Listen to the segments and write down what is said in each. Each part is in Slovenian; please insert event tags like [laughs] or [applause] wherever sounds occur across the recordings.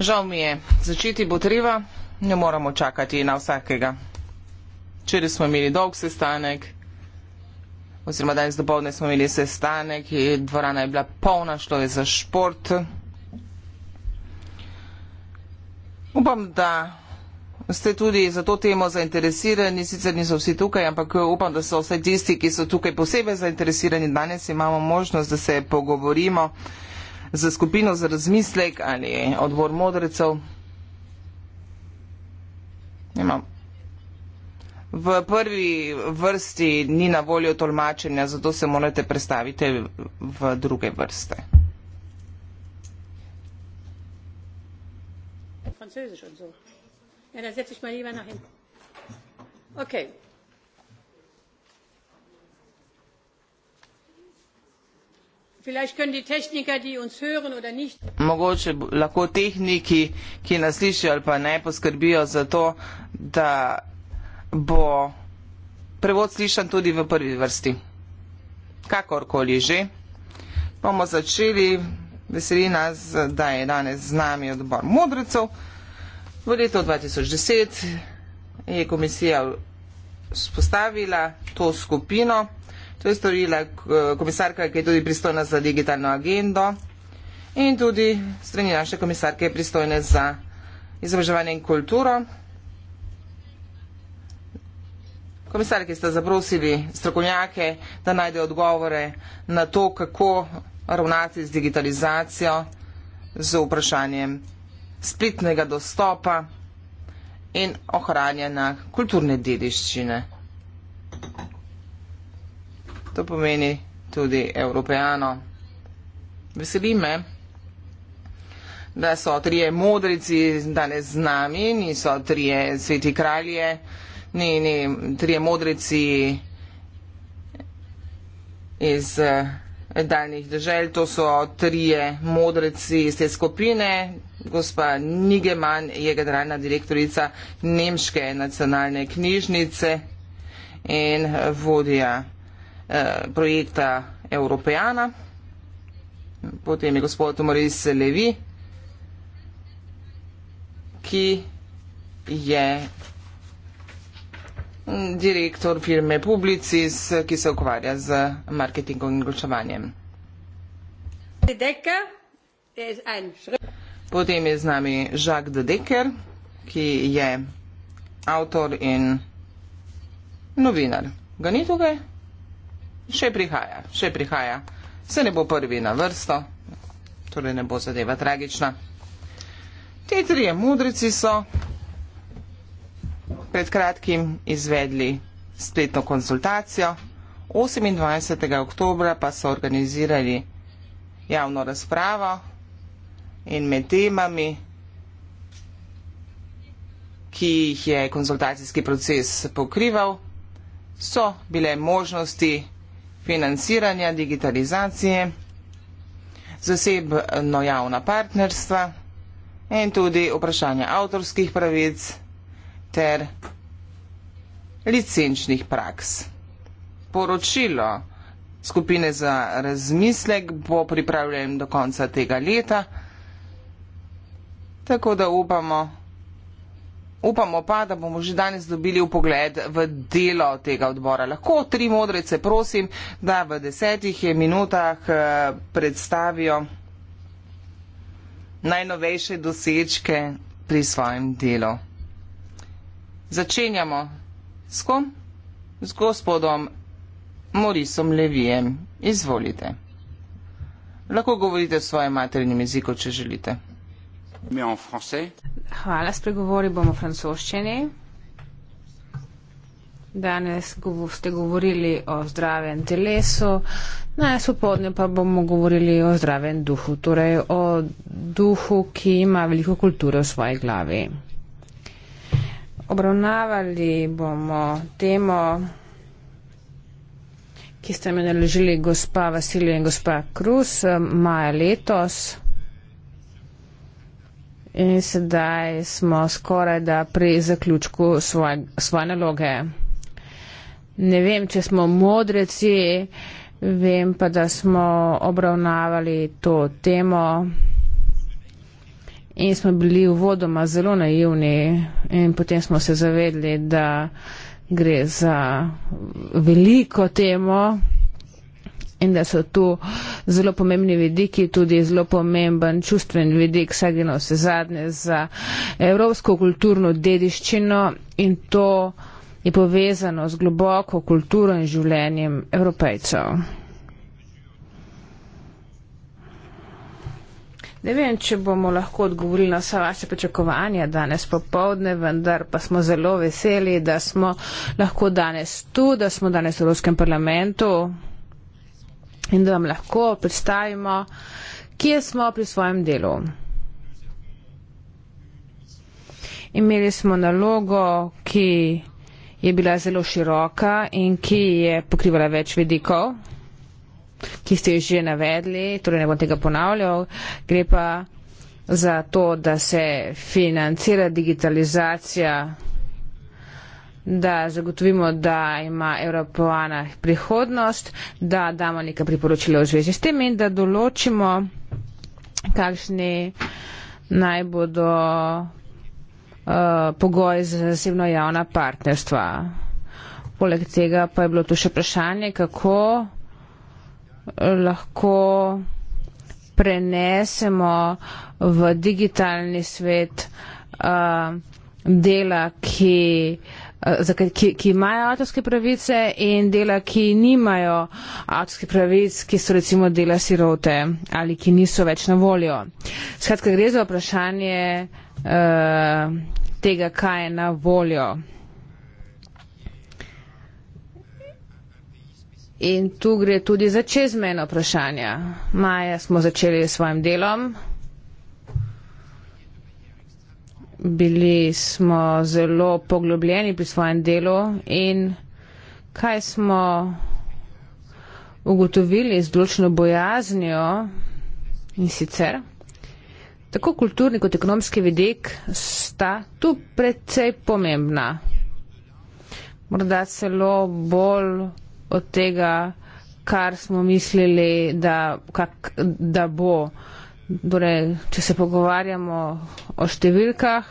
žal mi je začeti bo treba ne moremo čakati na vsakega včeraj smo imeli dolg sestanek oziroma danes dopoldne smo imeli sestanek dvorana je bila polna šlo je za šport upam da ste tudi za to temo zainteresirani, sicer niso vsi tukaj, ampak upam, da so vsaj tisti, ki so tukaj posebej zainteresirani. Danes imamo možnost, da se pogovorimo za skupino za razmislek ali odbor modrecev. Imam. V prvi vrsti ni na voljo tolmačenja, zato se morate predstaviti v druge vrste. Ja, okay. Mogoče lahko tehniki, ki nas slišijo ali pa ne, poskrbijo za to, da bo prevod slišan tudi v prvi vrsti. Kakorkoli že. Bomo začeli. Veseli nas, da je danes z nami odbor modrecev. V letu 2010 je komisija spostavila to skupino. To je storila eh, komisarka, ki je tudi pristojna za digitalno agendo in tudi strani naše komisarke je pristojna za izobraževanje in kulturo. Komisarki ste zaprosili strokovnjake, da najde odgovore na to, kako ravnati z digitalizacijo, z vprašanjem spletnega dostopa in ohranjena kulturne dediščine to pomeni tudi evropejano. Veseli me, da so trije modrici danes z nami, niso trije sveti kralje, ni, ni trije modrici iz eh, daljnih držav, to so trije modrici iz te skupine. Gospa Nigeman je generalna direktorica Nemške nacionalne knjižnice in vodja Eh, projekta Evropejana. Potem je gospod Moris Levi, ki je mm, direktor firme Publicis, ki se ukvarja z marketingom in glučevanjem. Potem je z nami Jacques de Decker, ki je avtor in novinar. Ga ni tukaj? še prihaja, še prihaja. Se ne bo prvi na vrsto, torej ne bo zadeva tragična. Ti trije mudrici so pred kratkim izvedli spletno konsultacijo, 28. oktobra pa so organizirali javno razpravo in med temami, ki jih je konsultacijski proces pokrival, so bile možnosti financiranja, digitalizacije, zasebno javna partnerstva in tudi vprašanje avtorskih pravic ter licenčnih praks. Poročilo skupine za razmislek bo pripravljeno do konca tega leta, tako da upamo, Upamo pa, da bomo že danes dobili upogled v delo tega odbora. Lahko tri modrece prosim, da v desetih minutah eh, predstavijo najnovejše dosečke pri svojem delu. Začenjamo s kom? Z gospodom Morisom Levijem. Izvolite. Lahko govorite v svojem maternem jeziku, če želite mais en français. Hvala, spregovoril bom v francoščini. Danes ste govorili o zdravem telesu, danes popodne pa bomo govorili o zdravem duhu, torej o duhu, ki ima veliko kulture v svoji glavi. Obravnavali bomo temo, ki ste me naložili gospa Vasilija in gospa Krus, maja letos. In sedaj smo skoraj da pri zaključku svoje, svoje naloge. Ne vem, če smo modreci, vem pa, da smo obravnavali to temo in smo bili v vodoma zelo naivni in potem smo se zavedli, da gre za veliko temo in da so tu zelo pomembni vidiki, tudi zelo pomemben čustven vidik, saj gre na vse zadnje za evropsko kulturno dediščino in to je povezano z globoko kulturo in življenjem evropejcev. Ne vem, če bomo lahko odgovorili na vse vaše pričakovanja danes popovdne, vendar pa smo zelo veseli, da smo lahko danes tu, da smo danes v Evropskem parlamentu in da vam lahko predstavimo, kje smo pri svojem delu. Imeli smo nalogo, ki je bila zelo široka in ki je pokrivala več vedikov, ki ste jih že navedli, torej ne bom tega ponavljal, gre pa za to, da se financira digitalizacija da zagotovimo, da ima Evropoana prihodnost, da damo nekaj priporočila v zvezi s tem in da določimo, kakšni naj bodo uh, pogoji za zasebno javna partnerstva. Poleg tega pa je bilo tu še vprašanje, kako eh, lahko prenesemo v digitalni svet uh, dela, ki uh, Eh, ki, ki imajo avtorske pravice in dela, ki nimajo avtorskih pravic, ki so recimo dela sirote ali ki niso več na voljo. Skratka, gre za vprašanje uh, tega, kaj je na voljo. In tu gre tudi za čezmeno vprašanje. Maja smo začeli s svojim delom. bili smo zelo poglobljeni pri svojem delu in kaj smo ugotovili z določeno bojaznijo in sicer. Tako kulturni kot ekonomski vidik sta tu precej pomembna. Morda celo bolj od tega, kar smo mislili, da, kak, da bo. Uh, Torej, če se pogovarjamo o številkah,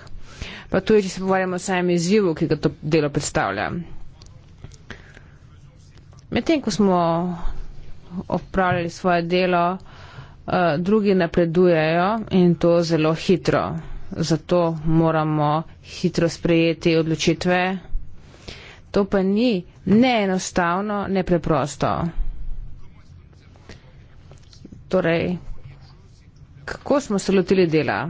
pa tudi, če se pogovarjamo o samem izzivu, ki ga to delo predstavlja. Medtem, ko smo opravljali svoje delo, eh, drugi napredujejo in to zelo hitro. Zato moramo hitro sprejeti odločitve. To pa ni neenostavno, ne preprosto. Torej, kako smo se lotili dela?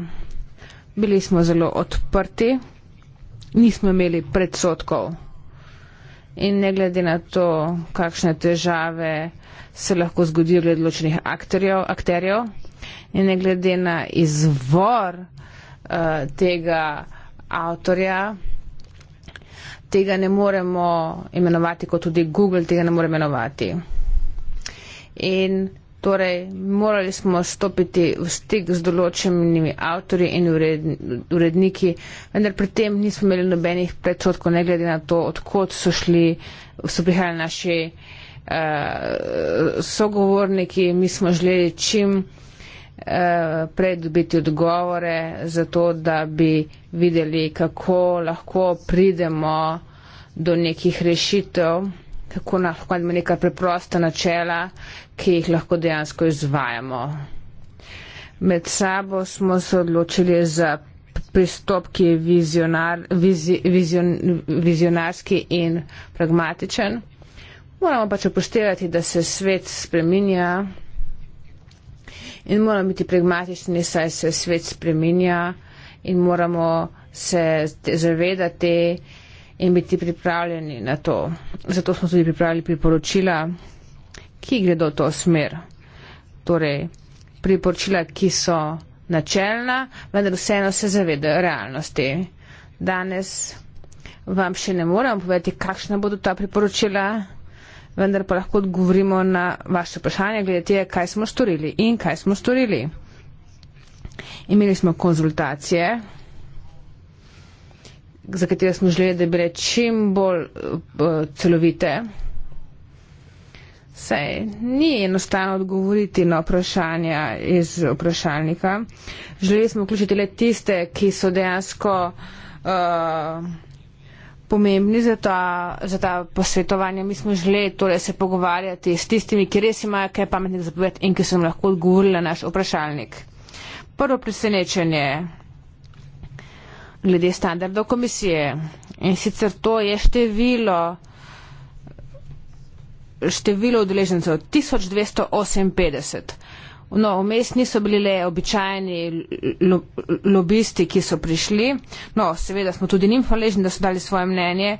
Bili smo zelo odprti, nismo imeli predsotkov. In ne glede na to, kakšne težave se lahko zgodijo glede ločenih akterjev, akterjev, in ne glede na izvor uh, tega avtorja, tega ne moremo imenovati kot tudi Google tega ne more imenovati. In Torej, morali smo stopiti v stik z določenimi avtori in uredniki, vendar pri tem nismo imeli nobenih predsotkov, ne glede na to, odkot so šli, so prihajali naši uh, sogovorniki. Mi smo želeli čim uh, prej dobiti odgovore, zato da bi videli, kako lahko pridemo do nekih rešitev kako lahko imamo neka preprosta načela, ki jih lahko dejansko izvajamo. Med sabo smo se odločili za pristop, ki je vizionar, vizi, vizion, vizionarski in pragmatičen. Moramo pač upoštevati, da se svet spreminja in moramo biti pragmatični, saj se svet spreminja in moramo se zavedati, in biti pripravljeni na to. Zato smo tudi pripravili priporočila, ki gredo v to smer. Torej, priporočila, ki so načelna, vendar vseeno se zavedajo realnosti. Danes vam še ne moram povedati, kakšna bodo ta priporočila, vendar pa lahko odgovorimo na vaše vprašanje glede tega, kaj smo storili in kaj smo storili. Imeli smo konzultacije za katere smo želeli, da bi bile čim bolj eh, celovite. Saj ni enostavno odgovoriti na vprašanja iz vprašalnika. Želeli smo vključiti le tiste, ki so dejansko uh, pomembni za ta, za ta posvetovanja. Mi smo želeli torej se pogovarjati s tistimi, ki res imajo kaj pametnega zapovedati in ki so nam lahko odgovorili na naš vprašalnik. Prvo presenečenje glede standardov komisije. In sicer to je število število udeležencev 1258. No, vmes niso bili le običajni lobisti, ki so prišli. No, seveda smo tudi njim hvaležni, da so dali svoje mnenje,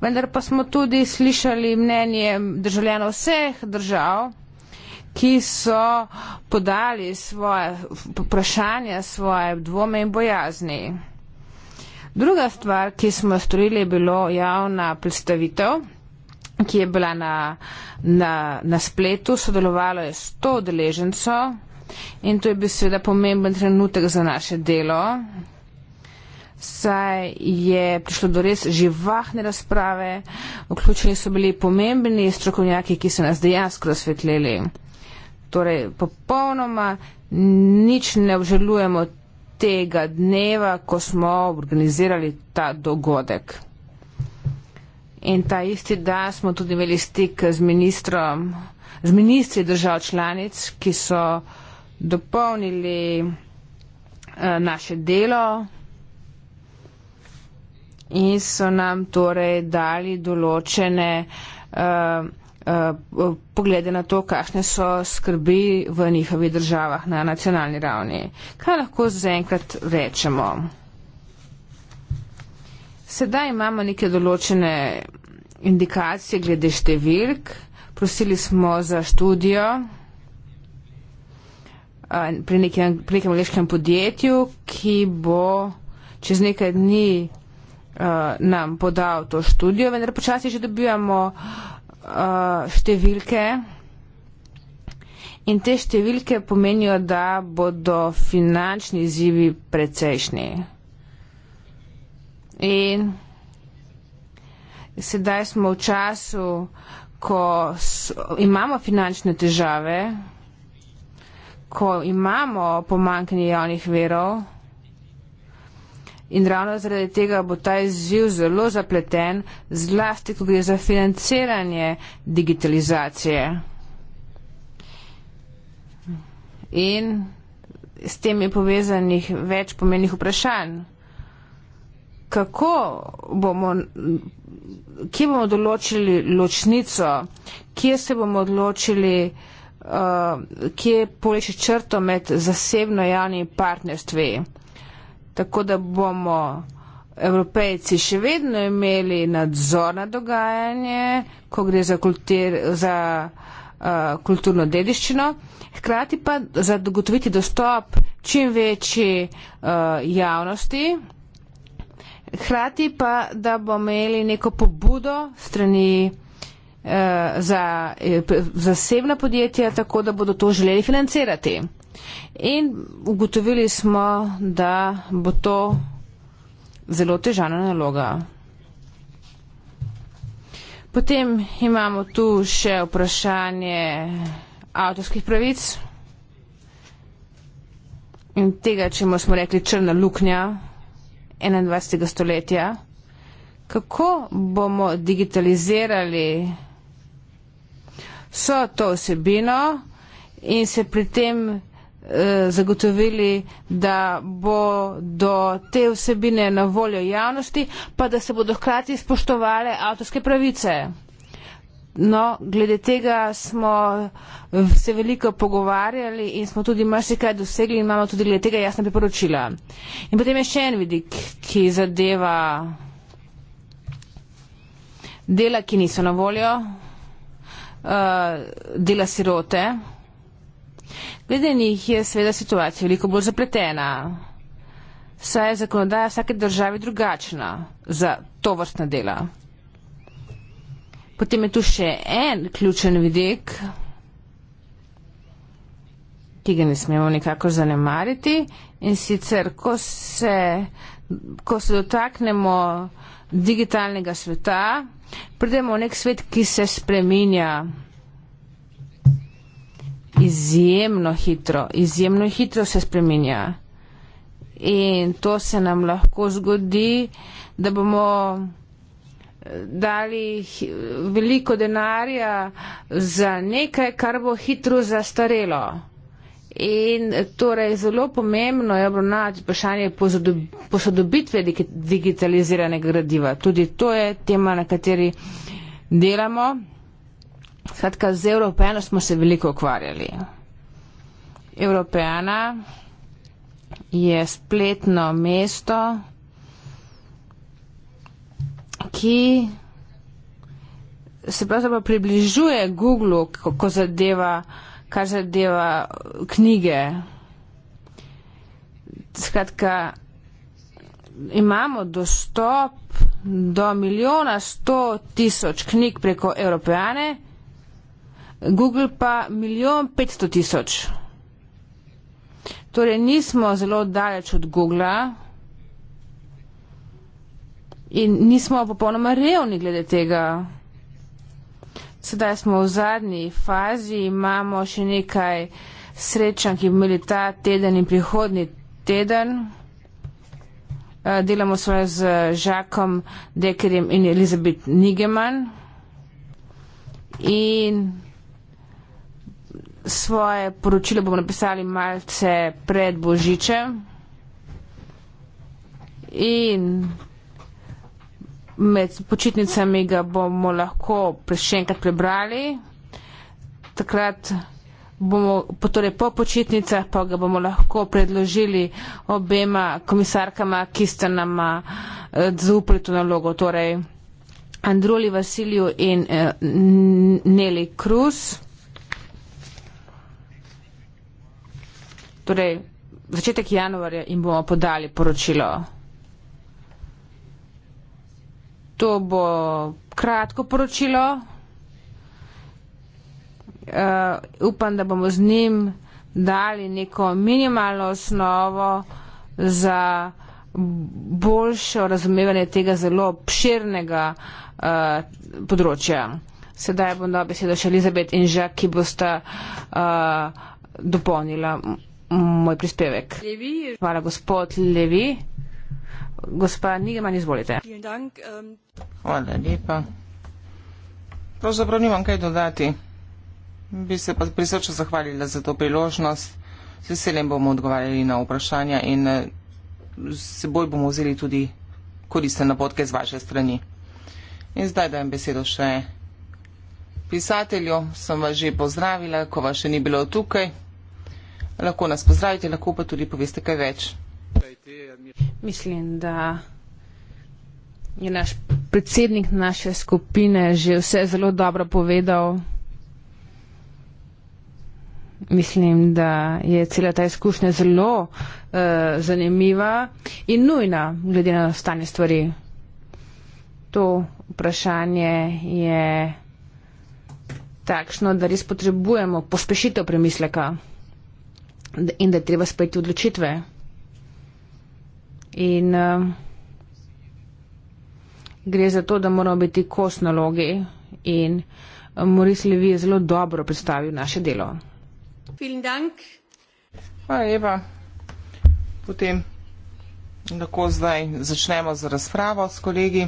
vendar pa smo tudi slišali mnenje državljanov vseh držav, ki so podali svoje vprašanja, svoje dvome in bojazni. Druga stvar, ki smo storili, je bilo javna predstavitev, ki je bila na, na, na spletu, sodelovalo je 100 deležencov in to je bil seveda pomemben trenutek za naše delo, saj je prišlo do res živahne razprave, vključeni so bili pomembni strokovnjaki, ki so nas dejansko razsvetljeli. Torej, popolnoma nič ne obžalujemo tega dneva, ko smo organizirali ta dogodek. In ta isti dan smo tudi imeli stik z, ministrom, z ministri držav članic, ki so dopolnili uh, naše delo in so nam torej dali določene uh, Eh, poglede na to, kakšne so skrbi v njihovih državah na nacionalni ravni. Kaj lahko zaenkrat rečemo? Sedaj imamo neke določene indikacije glede številk. Prosili smo za študijo eh, pri nekem, pri nekem angliškem podjetju, ki bo čez nekaj dni eh, nam podal to študijo, vendar počasi že dobivamo uh, Eh, številke in te številke pomenijo, da bodo finančni izzivi precejšnji. In sedaj smo v času, ko imamo finančne težave, ko imamo pomankanje javnih verov, in ravno zaradi tega bo ta izziv zelo zapleten, zlasti, ko gre za financiranje digitalizacije. In s tem je povezanih več pomenih vprašanj. Kako bomo, kje bomo določili ločnico, kje se bomo odločili, uh, kje poleči črto med zasebno javnimi partnerstvi? tako da bomo evropejci še vedno imeli nadzor na dogajanje, ko gre za, kultir, za uh, kulturno dediščino, hkrati pa za dogotoviti dostop čim večji uh, javnosti, hkrati pa, da bomo imeli neko pobudo strani eh, za eh, zasebna podjetja, tako da bodo to želeli financirati. In ugotovili smo, da bo to zelo težana naloga. Potem imamo tu še vprašanje avtorskih pravic in tega, če smo rekli črna luknja 21. stoletja. Kako bomo digitalizirali vso to osebino in se pri tem eh, zagotovili, da bo do te osebine na voljo javnosti, pa da se bodo hkrati spoštovale avtorske pravice. No, glede tega smo se veliko pogovarjali in smo tudi marsikaj dosegli in imamo tudi glede tega jasna priporočila. In potem je še en vidik, ki zadeva dela, ki niso na voljo. Eh, dela sirote. Glede njih je seveda situacija veliko bolj zapletena, saj je zakonodaja vsake države drugačna za to vrstna dela. Potem je tu še en ključen vidik, ki ga ne smemo nikako zanemariti in sicer, ko se uh, ko se dotaknemo digitalnega sveta, pridemo v nek svet, ki se spreminja izjemno hitro. Izjemno hitro se spreminja. In to se nam lahko zgodi, da bomo eh, dali veliko denarja za nekaj, kar bo hitro zastarelo. In torej zelo pomembno je obravnati vprašanje posodobitve digitaliziranega gradiva. Tudi to je tema, na kateri delamo. Skratka, z Evropejano smo se veliko ukvarjali. Evropejana je spletno mesto, ki se pravzaprav približuje Google, ko zadeva kar zadeva knjige. Skratka, imamo dostop do milijona sto tisoč knjig preko Evropejane, Google pa milijon petsto tisoč. Torej, nismo zelo daleč od Google in nismo popolnoma revni glede tega. Sedaj smo v zadnji fazi, imamo še nekaj srečan, ki bi imeli ta teden in prihodni teden. Eh, delamo svoje z Žakom Dekerjem in Elizabet Nigeman. In svoje poročilo bomo napisali malce pred Božičem. In med počitnicami ga bomo lahko še enkrat prebrali. Takrat bomo, torej po počitnicah, pa ga bomo lahko predložili obema komisarkama, ki sta nam zaupali to nalogo, torej Androli Vasilju in e, Neli Cruz. Torej, začetek januarja jim bomo podali poročilo. To bo kratko poročilo. Uh, upam, da bomo z njim dali neko minimalno osnovo za boljšo razumevanje tega zelo obširnega uh, področja. Sedaj bom dal besedo še Elizabet in Žak, ki boste uh, dopolnila moj prispevek. Levi. Hvala, gospod Levi. Gospa Nigeman, izvolite. Ähm, Hvala lepa. Pravzaprav nimam kaj dodati. Bi se pa prisrčno zahvalila za to priložnost. Z veseljem bomo odgovarjali na vprašanja in z eh, seboj bomo vzeli tudi koristne napotke z vaše strani. In zdaj dajem besedo še pisatelju. Sem vas že pozdravila, ko vas še ni bilo tukaj. Lahko nas pozdravite, lahko pa tudi poveste kaj več. Mislim, da je naš predsednik naše skupine že vse zelo dobro povedal. Mislim, da je cela ta izkušnja zelo uh, zanimiva in nujna, glede na stanje stvari. To vprašanje je takšno, da res potrebujemo pospešitev premisleka in da je treba sprejeti odločitve. In uh, gre za to, da moramo biti kosnologi in uh, um, Moris Levi je zelo dobro predstavil naše delo. Hvala lepa. Potem lahko zdaj začnemo z razpravo s kolegi.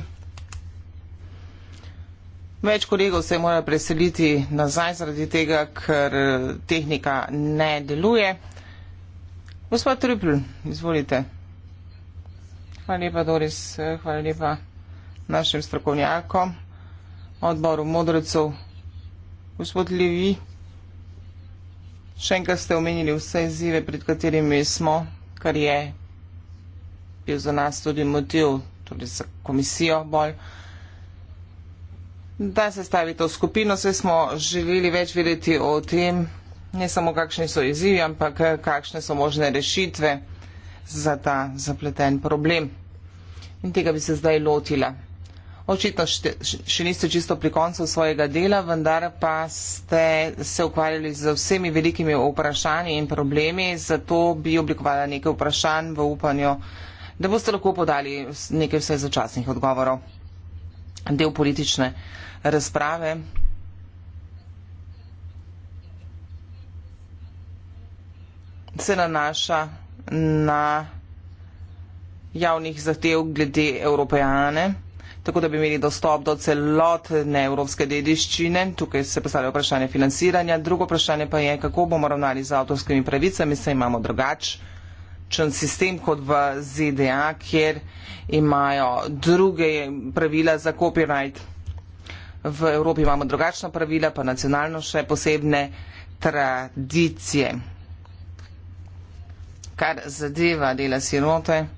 Več kolegov se je moralo preseliti nazaj zaradi tega, ker eh, tehnika ne deluje. Gospod Triple, izvolite. Hvala lepa, Doris. Hvala lepa našim strokovnjakom, odboru modrecov. Gospod Levi, še enkrat ste omenili vse izzive, pred katerimi smo, kar je bil za nas tudi motiv, tudi za komisijo bolj. Da se stavi to skupino, vse smo želeli več vedeti o tem, ne samo kakšni so izzivi, ampak kakšne so možne rešitve za ta zapleten problem. In tega bi se zdaj lotila. Očitno šte, še niste čisto pri koncu svojega dela, vendar pa ste se ukvarjali z vsemi velikimi vprašanji in problemi, zato bi oblikovala nekaj vprašanj v upanju, da boste lahko podali nekaj vse začasnih odgovorov. Del politične razprave. Se nanaša na javnih zahtev glede evropejane, tako da bi imeli dostop do celotne evropske dediščine. Tukaj se postavlja vprašanje financiranja. Drugo vprašanje pa je, kako bomo ravnali z avtorskimi pravicami, saj imamo drugačen sistem kot v ZDA, kjer imajo druge pravila za copyright. V Evropi imamo drugačna pravila, pa nacionalno še posebne tradicije kar zadeva dela sirote,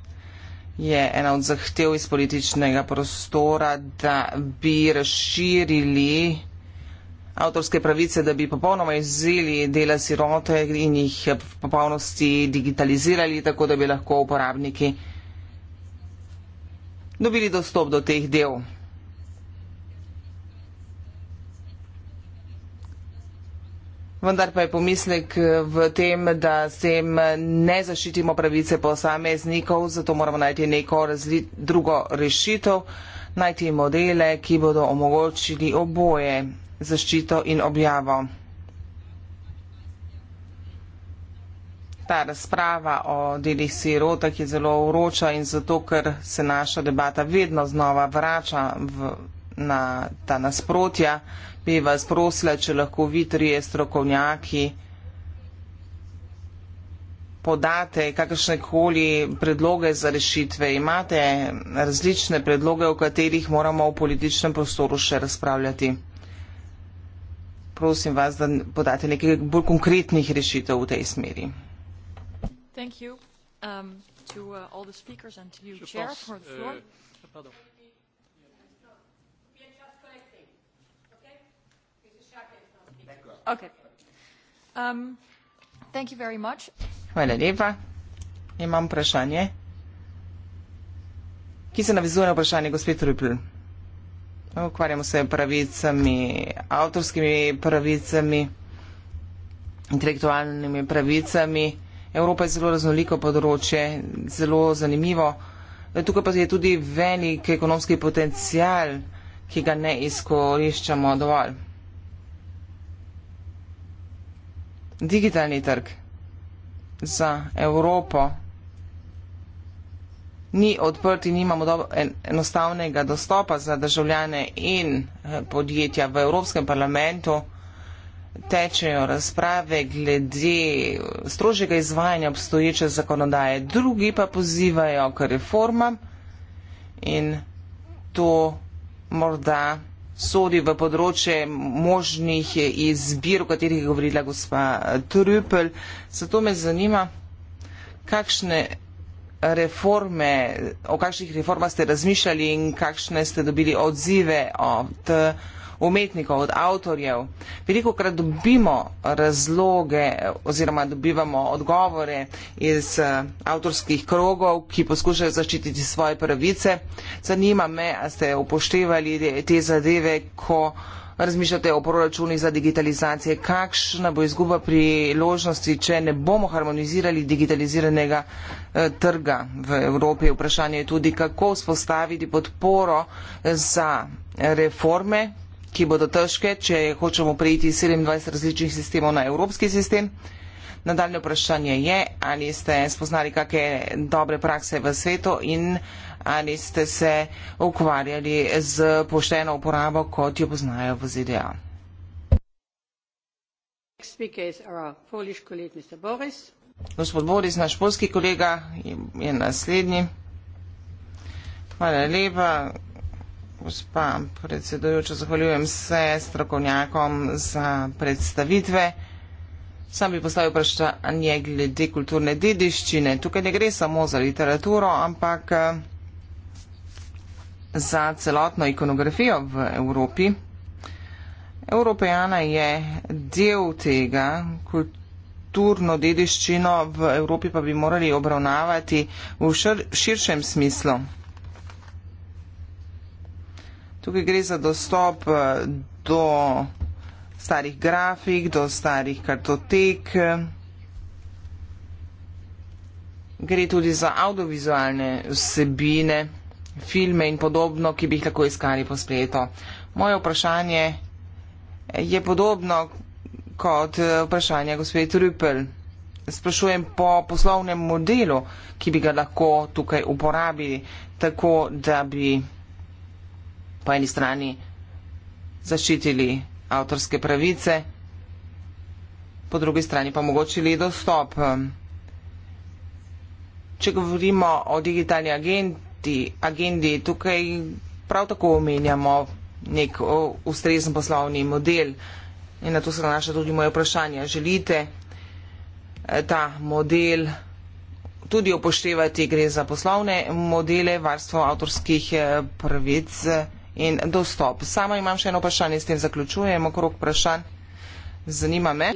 je ena od zahtev iz političnega prostora, da bi razširili avtorske pravice, da bi popolnoma izzeli dela sirote in jih v popolnosti digitalizirali, tako da bi lahko uporabniki dobili dostop do teh del. Vendar pa je pomislek eh, v tem, da s tem eh, ne zaščitimo pravice posameznikov, zato moramo najti neko razli, drugo rešitev, najti modele, ki bodo omogočili oboje zaščito in objavo. Ta razprava o delih sirotah je zelo uroča in zato, ker se naša debata vedno znova vrača v na ta nasprotja, bi vas prosila, če lahko vi trije strokovnjaki podate kakršnekoli predloge za rešitve. Imate različne predloge, o katerih moramo v političnem prostoru še razpravljati. Prosim vas, da podate nekaj bolj konkretnih rešitev v tej smeri. Thank you um, to uh, all the speakers and to you, Chair, for the floor. Uh, Um, Hvala lepa. Imam vprašanje, ki se navizuje na vprašanje gospe Trupl. Ukvarjamo se pravicami, avtorskimi pravicami, intelektualnimi pravicami. Evropa je zelo raznoliko področje, zelo zanimivo. Tukaj pa je tudi velik ekonomski potencial, ki ga ne izkoriščamo dovolj. digitalni trg za Evropo ni odprt in nimamo enostavnega dostopa za državljane in eh, podjetja v Evropskem parlamentu, tečejo razprave glede strožjega izvajanja obstoječe zakonodaje. Drugi pa pozivajo k reformam in to morda sodi v področje možnih izbir, o katerih je govorila gospa Trupel. Zato me zanima, kakšne reforme, o kakšnih reformah ste razmišljali in kakšne ste dobili odzive od. Uh, umetnikov, od avtorjev. Veliko krat dobimo razloge oziroma dobivamo odgovore iz eh, avtorskih krogov, ki poskušajo zaščititi svoje pravice. Zanima me, a ste upoštevali te zadeve, ko razmišljate o proračuni za digitalizacije. Kakšna bo izguba priložnosti, če ne bomo harmonizirali digitaliziranega eh, trga v Evropi? Vprašanje je tudi, kako spostaviti podporo za reforme, ki bodo težke, če hočemo prejiti 27 različnih sistemov na evropski sistem. Nadaljne vprašanje je, ali ste spoznali kakšne dobre prakse v svetu in ali ste se ukvarjali z pošteno uporabo, kot jo poznajo v ZDA. Gospod Boris, naš polski kolega je naslednji. Hvala lepa. Gospa predsedujoča, zahvaljujem se strokovnjakom za predstavitve. Sam bi postavil vprašanje glede kulturne dediščine. Tukaj ne gre samo za literaturo, ampak eh, za celotno ikonografijo v Evropi. Evropejana je del tega, kulturno dediščino v Evropi pa bi morali obravnavati v širšem smislu. Tukaj gre za dostop eh, do starih grafik, do starih kartotek. Gre tudi za audiovizualne vsebine, filme in podobno, ki bi jih lahko iskali po spletu. Moje vprašanje je podobno kot eh, vprašanje gospe Trupel. Sprašujem po poslovnem modelu, ki bi ga lahko tukaj uporabili, tako da bi po eni strani zaščitili avtorske pravice, po drugi strani pa omogočili dostop. Če govorimo o digitalni agendi, agendi tukaj prav tako omenjamo nek ustrezen poslovni model in na to se nanaša tudi moje vprašanje. Želite eh, ta model tudi upoštevati, gre za poslovne modele, varstvo avtorskih eh, pravic? in dostop. Sama imam še eno vprašanje, s tem zaključujem okrog vprašanj. Zanima me.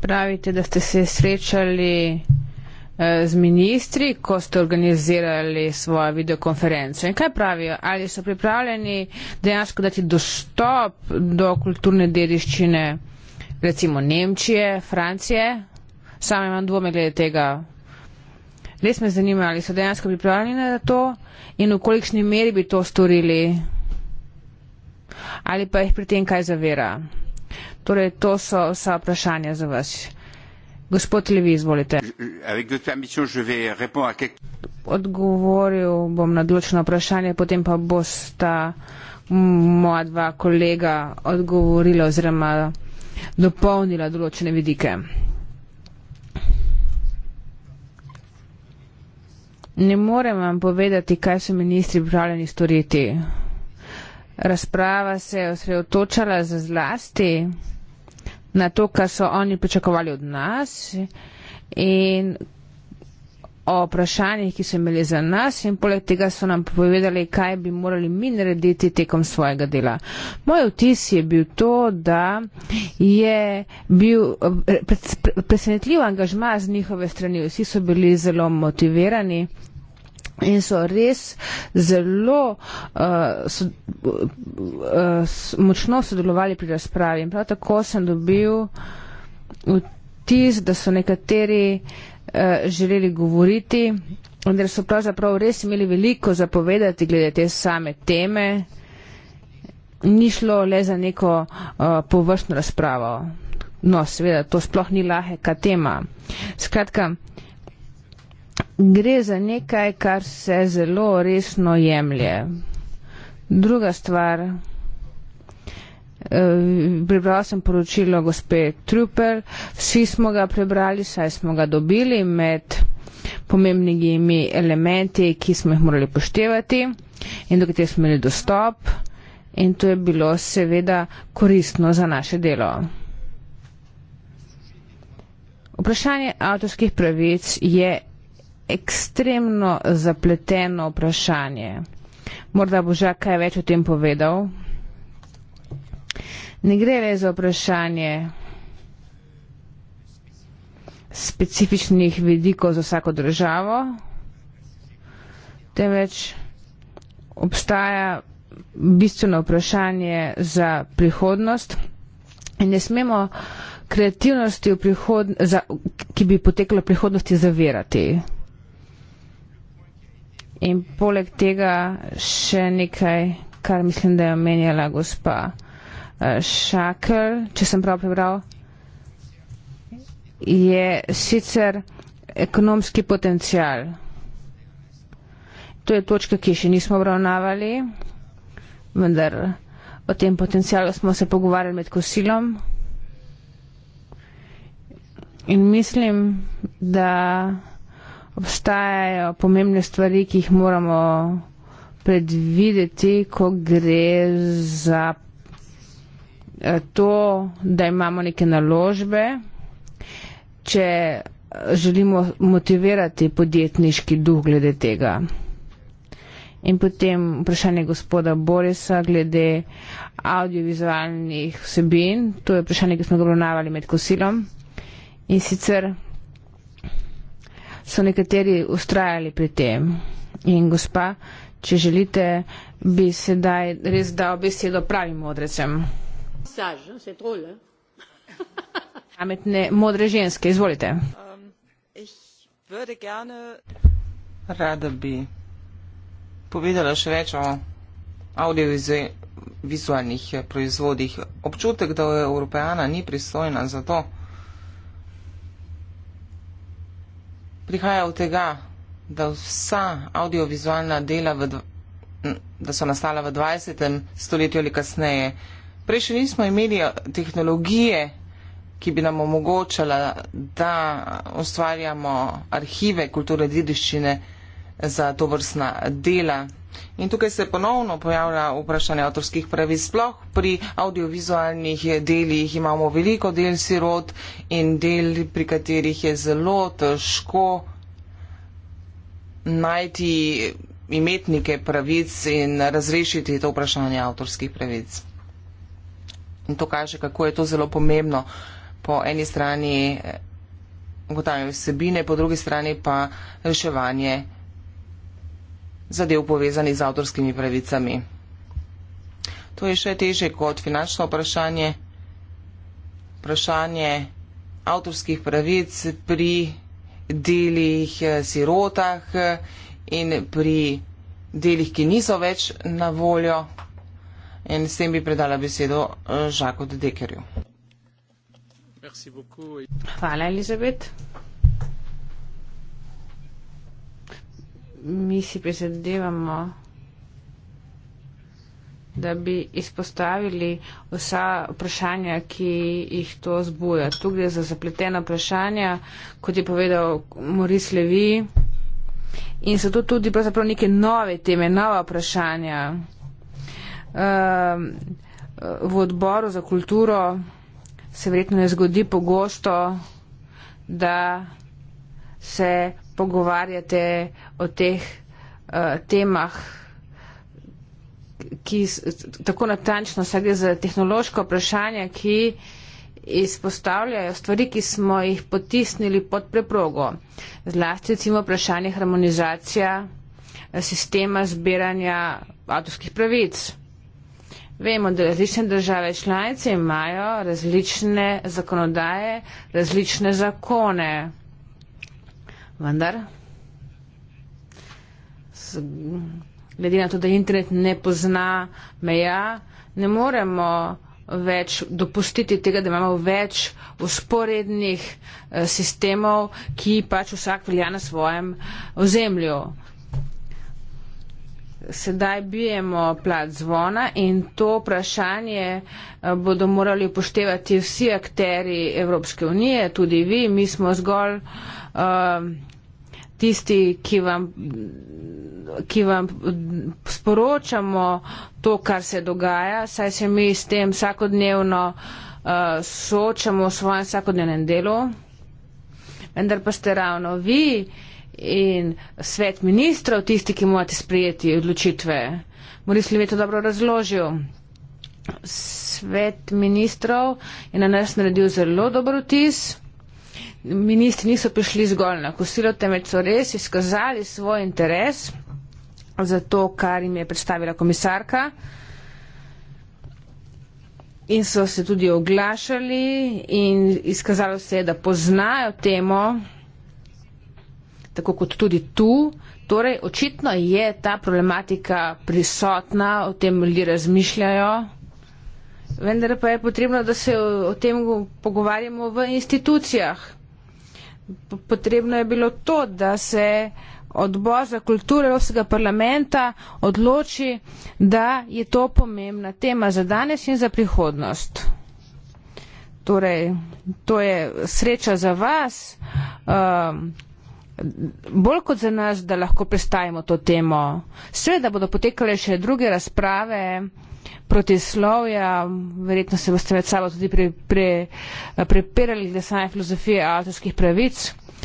Pravite, da ste se srečali eh, z ministri, ko ste organizirali svojo videokonferenco. In kaj pravijo? Ali so pripravljeni dejansko dati dostop do kulturne dediščine recimo Nemčije, Francije? Sam imam dvome glede tega. Res me zanima, ali so dejansko pripravljeni na to in v kolikšni meri bi to storili ali pa jih pri tem kaj zavira. Torej, to so vsa vprašanja za vas. Gospod Levi, izvolite. Odgovoril bom na določeno vprašanje, potem pa bosta moja dva kolega odgovorila oziroma dopolnila določene vidike. Ne morem vam povedati, kaj so ministri pripravljeni storiti razprava se je osredotočala za zlasti na to, kar so oni pričakovali od nas in o vprašanjih, ki so imeli za nas in poleg tega so nam povedali, kaj bi morali mi narediti tekom svojega dela. Moj vtis je bil to, da je bil eh, presenetljiv angažma z njihove strani. Vsi so bili zelo motivirani. In so res zelo uh, so, uh, močno sodelovali pri razpravi. In prav tako sem dobil vtis, da so nekateri uh, želeli govoriti, vendar so pravzaprav res imeli veliko zapovedati glede te same teme. Ni šlo le za neko uh, površno razpravo. No, seveda, to sploh ni lahka tema. Skratka, gre za nekaj, kar se zelo resno jemlje. Druga stvar, eh, prebral sem poročilo gospe Trupel, vsi smo ga prebrali, saj smo ga dobili med pomembnimi elementi, ki smo jih morali poštevati in do katerih smo imeli dostop in to je bilo seveda koristno za naše delo. Vprašanje avtorskih pravic je ekstremno zapleteno vprašanje. Morda bo Žak kaj več o tem povedal. Ne gre le za vprašanje specifičnih vidikov za vsako državo, temveč obstaja bistveno vprašanje za prihodnost in ne smemo kreativnosti, prihod... za... ki bi potekla prihodnosti, zavirati. In poleg tega še nekaj, kar mislim, da je omenjala gospa eh, Šakr, če sem prav prebral, je sicer ekonomski potencial. To je točka, ki še nismo obravnavali, vendar o tem potencialu smo se pogovarjali med kosilom. In mislim, da obstajajo pomembne stvari, ki jih moramo predvideti, ko gre za eh, to, da imamo neke naložbe, če eh, želimo motivirati podjetniški duh glede tega. In potem vprašanje gospoda Borisa glede audiovizualnih vsebin. To je vprašanje, ki smo ga obravnavali med kosilom. In sicer so nekateri ustrajali pri tem. In gospa, če želite, bi sedaj res dal besedo pravim modrecem. [laughs] Pametne, modre ženske, izvolite. Um, Rada bi povedala še več o audiovizualnih proizvodih. Občutek, da je Evropejana ni pristojna za to, prihaja od tega, da vsa audiovizualna dela, v, da so nastala v 20. stoletju ali kasneje. Prej še nismo imeli eh, tehnologije, ki bi nam omogočala, da ustvarjamo arhive kulture dediščine za to vrstna dela. In tukaj se ponovno pojavlja vprašanje avtorskih pravic. Sploh pri audiovizualnih delih imamo veliko del sirot in del, pri katerih je zelo težko najti imetnike pravic in razrešiti to vprašanje avtorskih pravic. In to kaže, kako je to zelo pomembno. Po eni strani ugotavljanje vsebine, po drugi strani pa reševanje zadev povezani z avtorskimi pravicami. To je še teže kot finančno vprašanje, vprašanje avtorskih pravic pri delih eh, sirotah eh, in pri delih, ki niso več na voljo. In s tem bi predala besedo eh, Žako Dedekerju. Hvala, Elizabet. mi si prizadevamo, da bi izpostavili vsa vprašanja, ki jih to zbuja. Tu gre za zapletena vprašanja, kot je povedal Moris Levi. In so to tudi pravzaprav neke nove teme, nova vprašanja. Ehm, v odboru za kulturo se verjetno ne zgodi pogosto, da se pogovarjate o teh uh, temah, ki tako natančno, vsaj gre za tehnološko vprašanje, ki izpostavljajo stvari, ki smo jih potisnili pod preprogo. Zlasti recimo vprašanje harmonizacija eh, sistema zbiranja avtorskih pravic. Vemo, da različne države članice imajo različne zakonodaje, različne zakone. Vendar glede na to, da internet ne pozna meja, ne moremo več dopustiti tega, da imamo več usporednih eh, sistemov, ki pač vsak velja na svojem ozemlju. Sedaj bijemo plat zvona in to vprašanje eh, bodo morali upoštevati vsi akteri Evropske unije, tudi vi. Mi smo zgolj uh, tisti, ki vam ki vam sporočamo to, kar se dogaja, saj se mi s tem vsakodnevno uh, soočamo v svojem vsakodnevnem delu. Vendar pa ste ravno vi in svet ministrov tisti, ki morate sprijeti odločitve. Moris Lim je to dobro razložil. Svet ministrov je na nas naredil zelo dober vtis. Ministri niso prišli zgolj na kosilo, temveč so res izkazali svoj interes za to, kar jim je predstavila komisarka. In so se tudi oglašali in izkazalo se je, da poznajo temo, tako kot tudi tu. Torej, očitno je ta problematika prisotna, o tem ljudje razmišljajo, vendar pa je potrebno, da se o tem pogovarjamo v institucijah. Potrebno je bilo to, da se odbor za kulturo Evropskega parlamenta odloči, da je to pomembna tema za danes in za prihodnost. Torej, to je sreča za vas, um, bolj kot za nas, da lahko prestajemo to temo. Sveda bodo potekale še druge razprave proti slovja, verjetno se boste med sabo tudi pre, pre, preperali glede same filozofije avtorskih pravic.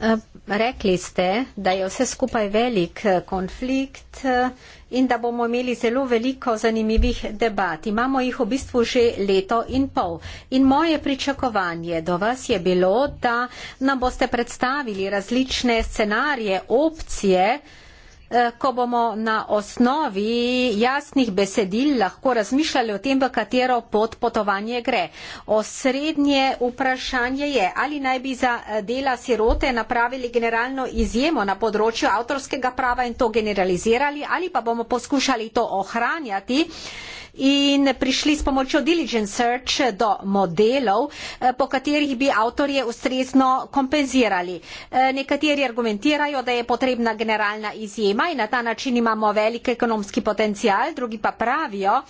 Eh, rekli ste, da je vse skupaj velik eh, konflikt eh, in da bomo imeli zelo veliko zanimivih debat. Imamo jih v bistvu že leto in pol. In moje pričakovanje do vas je bilo, da nam boste predstavili različne scenarije, opcije, Eh, ko bomo na osnovi jasnih besedil lahko razmišljali o tem, v katero pot potovanje gre. Osrednje vprašanje je, ali naj bi za eh, dela sirote napravili generalno izjemo na področju avtorskega prava in to generalizirali, ali pa bomo poskušali to ohranjati in prišli s pomočjo diligent search do modelov, eh, po katerih bi avtorje ustrezno kompenzirali. Eh, nekateri argumentirajo, da je potrebna generalna izjema in na ta način imamo velik ekonomski potencial, drugi pa pravijo,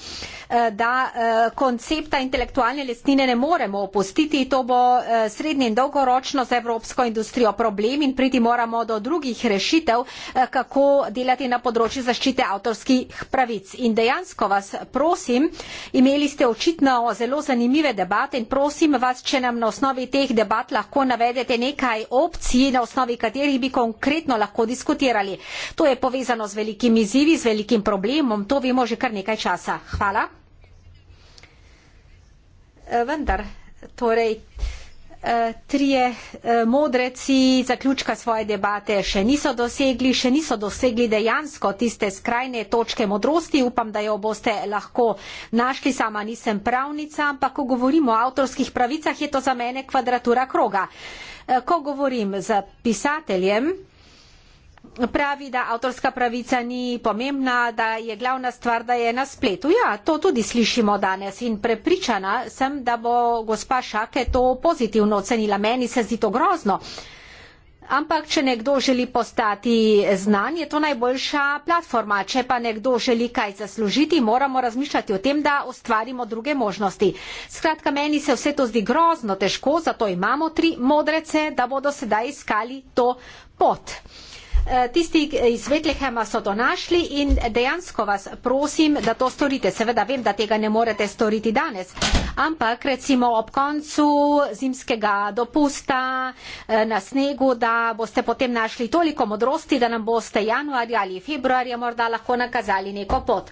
eh, da koncepta intelektualne lesnine ne moremo opustiti. To bo srednje in dolgoročno za evropsko industrijo problem in priti moramo do drugih rešitev, kako delati na področju zaščite avtorskih pravic. In dejansko vas prosim, prosim, imeli ste očitno zelo zanimive debate in prosim vas, če nam na osnovi teh debat lahko navedete nekaj opcij, na osnovi katerih bi konkretno lahko diskutirali. To je povezano z velikim izzivi, z velikim problemom, to vemo že kar nekaj časa. Hvala. Vendar, torej trije eh, modreci zaključka svoje debate še niso dosegli, še niso dosegli dejansko tiste skrajne točke modrosti. Upam, da jo boste lahko našli, sama nisem pravnica, ampak ko govorimo o avtorskih pravicah, je to za mene kvadratura kroga. Eh, ko govorim z pisateljem, pravi, da avtorska pravica ni pomembna, da je glavna stvar, da je na spletu. Ja, to tudi slišimo danes in prepričana sem, da bo gospa Šake to pozitivno ocenila. Meni se zdi to grozno. Ampak, če nekdo želi postati znan, je to najboljša platforma. Če pa nekdo želi kaj zaslužiti, moramo razmišljati o tem, da ustvarimo druge možnosti. Skratka, meni se vse to zdi grozno težko, zato imamo tri modrece, da bodo sedaj iskali to pot. Eh, tisti iz Betlehema so to našli in dejansko vas prosim, da to storite. Seveda vem, da tega ne morete storiti danes, ampak recimo ob koncu zimskega dopusta eh, na snegu, da boste potem našli toliko modrosti, da nam boste januarja ali februarja morda lahko nakazali neko pot.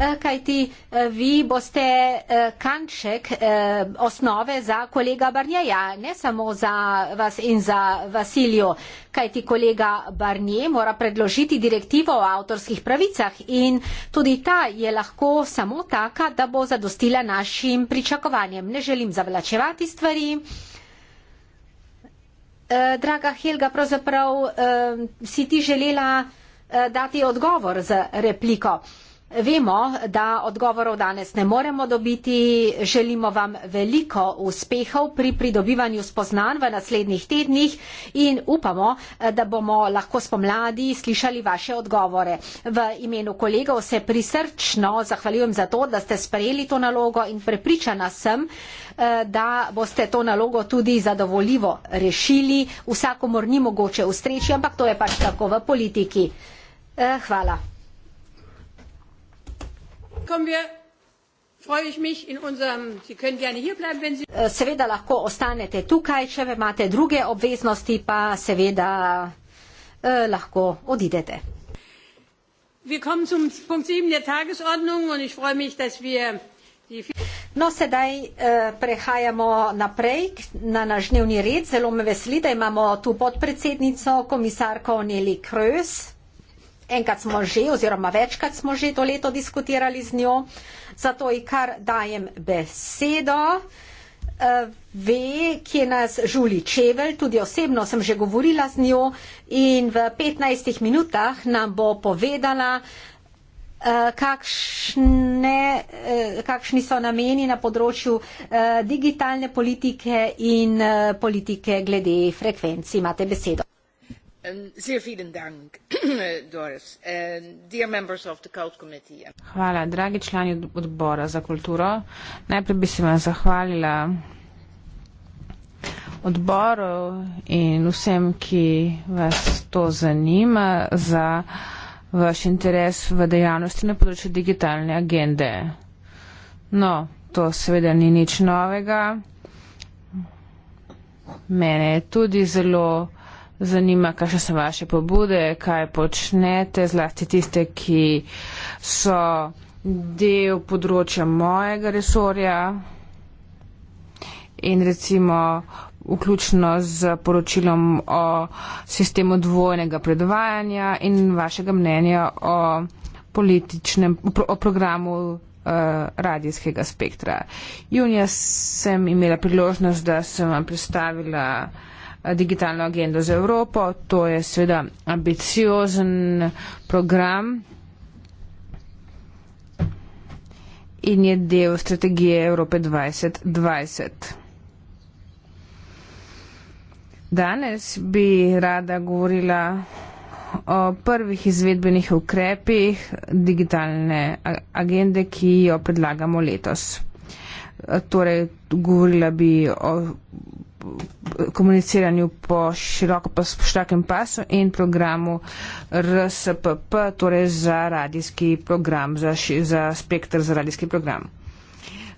Eh, kajti eh, vi boste eh, kanček osnove za kolega Barnjeja, ne samo za vas in za Vasilijo, kajti kolega Barnje mora predložiti direktivo o avtorskih pravicah in tudi ta je lahko samo taka, da bo zadostila našim pričakovanjem. Ne želim zavlačevati stvari. Draga Helga, pravzaprav si ti želela dati odgovor z repliko. Vemo, da odgovorov danes ne moremo dobiti. Želimo vam veliko uspehov pri pridobivanju spoznanj v naslednjih tednih in upamo, da bomo lahko spomladi slišali vaše odgovore. V imenu kolegov se prisrčno zahvaljujem za to, da ste sprejeli to nalogo in prepričana sem, eh, da boste to nalogo tudi zadovoljivo rešili. Vsakomor ni mogoče ustreči, ampak to je pač tako v politiki. Eh, hvala. Äh, seveda lahko ostanete tukaj, če imate druge obveznosti, pa seveda eh, lahko odidete. No, sedaj eh, prehajamo naprej na naš dnevni red. Zelo me veseli, da imamo tu podpredsednico, komisarko Neli Krös enkrat smo že oziroma večkrat smo že to leto diskutirali z njo, zato ji kar dajem besedo. Uh, ve, kje nas žuli Čevelj, tudi osebno sem že govorila z njo in v 15 minutah nam bo povedala, uh, kakšne, uh, kakšni so nameni na področju uh, digitalne politike in uh, politike glede frekvenci. Imate besedo. Ehm, [clears throat] ehm, Hvala, dragi člani odbora za kulturo. Najprej bi se vam zahvalila odboru in vsem, ki vas to zanima, za vaš interes v dejavnosti na področju digitalne agende. No, to seveda ni nič novega. Mene je tudi zelo zanima, kakšne so vaše pobude, kaj počnete, zlasti tiste, ki so del področja mojega resorja in recimo vključno z poročilom o sistemu dvojnega predvajanja in vašega mnenja o političnem, o programu eh, radijskega spektra. Junija sem imela priložnost, da sem vam predstavila Eh, digitalno agendo za Evropo. To je seveda ambiciozen program in je del strategije Evrope 2020. Danes bi rada govorila o prvih izvedbenih ukrepih digitalne agende, ki jo predlagamo letos. Torej, govorila bi o komuniciranju po široko poštakem pasu in programu RSPP, torej za radijski program, za, za spektr za radijski program.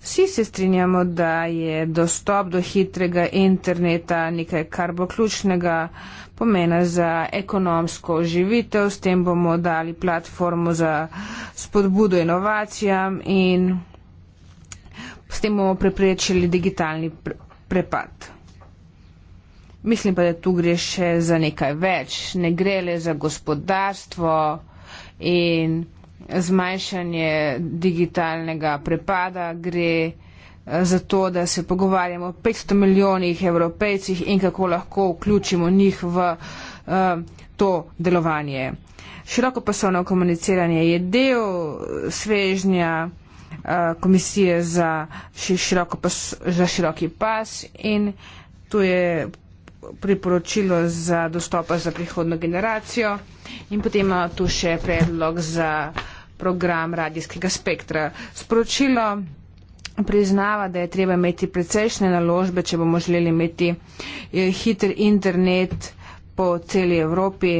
Vsi se strinjamo, da je dostop do hitrega interneta nekaj, kar bo ključnega pomena za ekonomsko oživitev, s tem bomo dali platformo za spodbudo inovacijam in s tem bomo preprečili digitalni pre prepad. Mislim pa, da tu gre še za nekaj več. Ne gre le za gospodarstvo in zmanjšanje digitalnega prepada, gre eh, za to, da se pogovarjamo o 500 milijonih evropejcih in kako lahko vključimo njih v uh, to delovanje. Široko poslovno komuniciranje je del eh, svežnja uh, komisije za, široko pas, za široki pas in tu je priporočilo za dostopa za prihodno generacijo in potem ima tu še predlog za program radijskega spektra. Sporočilo priznava, da je treba imeti precejšnje naložbe, če bomo želeli imeti eh, hiter internet po celi Evropi.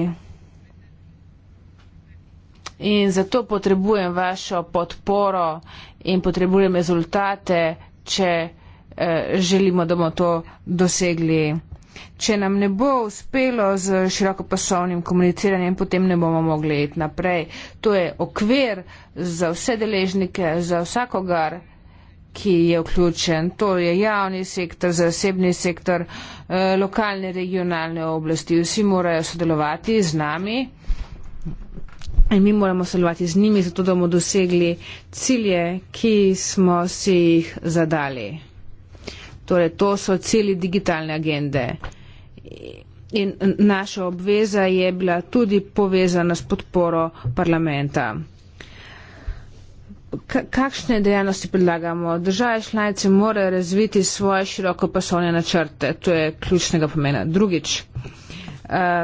In zato potrebujem vašo podporo in potrebujem rezultate, če eh, želimo, da bomo to dosegli. Če nam ne bo uspelo z širokopasovnim komuniciranjem, potem ne bomo mogli iti naprej. To je okvir za vse deležnike, za vsakogar, ki je vključen. To je javni sektor, zasebni sektor, eh, lokalne, regionalne oblasti. Vsi morajo sodelovati z nami in mi moramo sodelovati z njimi, zato da bomo dosegli cilje, ki smo si jih zadali. Torej, to so cilji digitalne agende. In naša obveza je bila tudi povezana s podporo parlamenta. Kakšne dejavnosti predlagamo? Države članice morajo razviti svoje široko pasovne načrte. To je ključnega pomena. Drugič,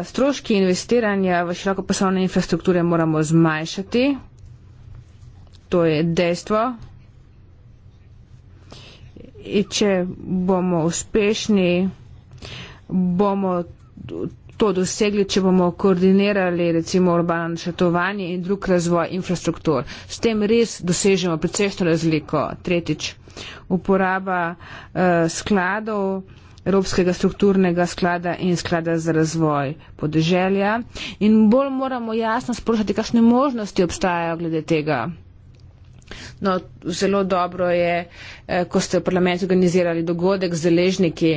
stroški investiranja v široko pasovne infrastrukture moramo zmanjšati. To je dejstvo če bomo uspešni, bomo to dosegli, če bomo koordinirali recimo urbano načrtovanje in drug razvoj infrastruktur. S tem res dosežemo precejšno razliko. Tretjič, uporaba eh, skladov. Evropskega strukturnega sklada in sklada za razvoj podeželja. In bolj moramo jasno sprašati, kakšne možnosti obstajajo glede tega. No, zelo dobro je, eh, ko ste v parlamentu organizirali dogodek z deležniki.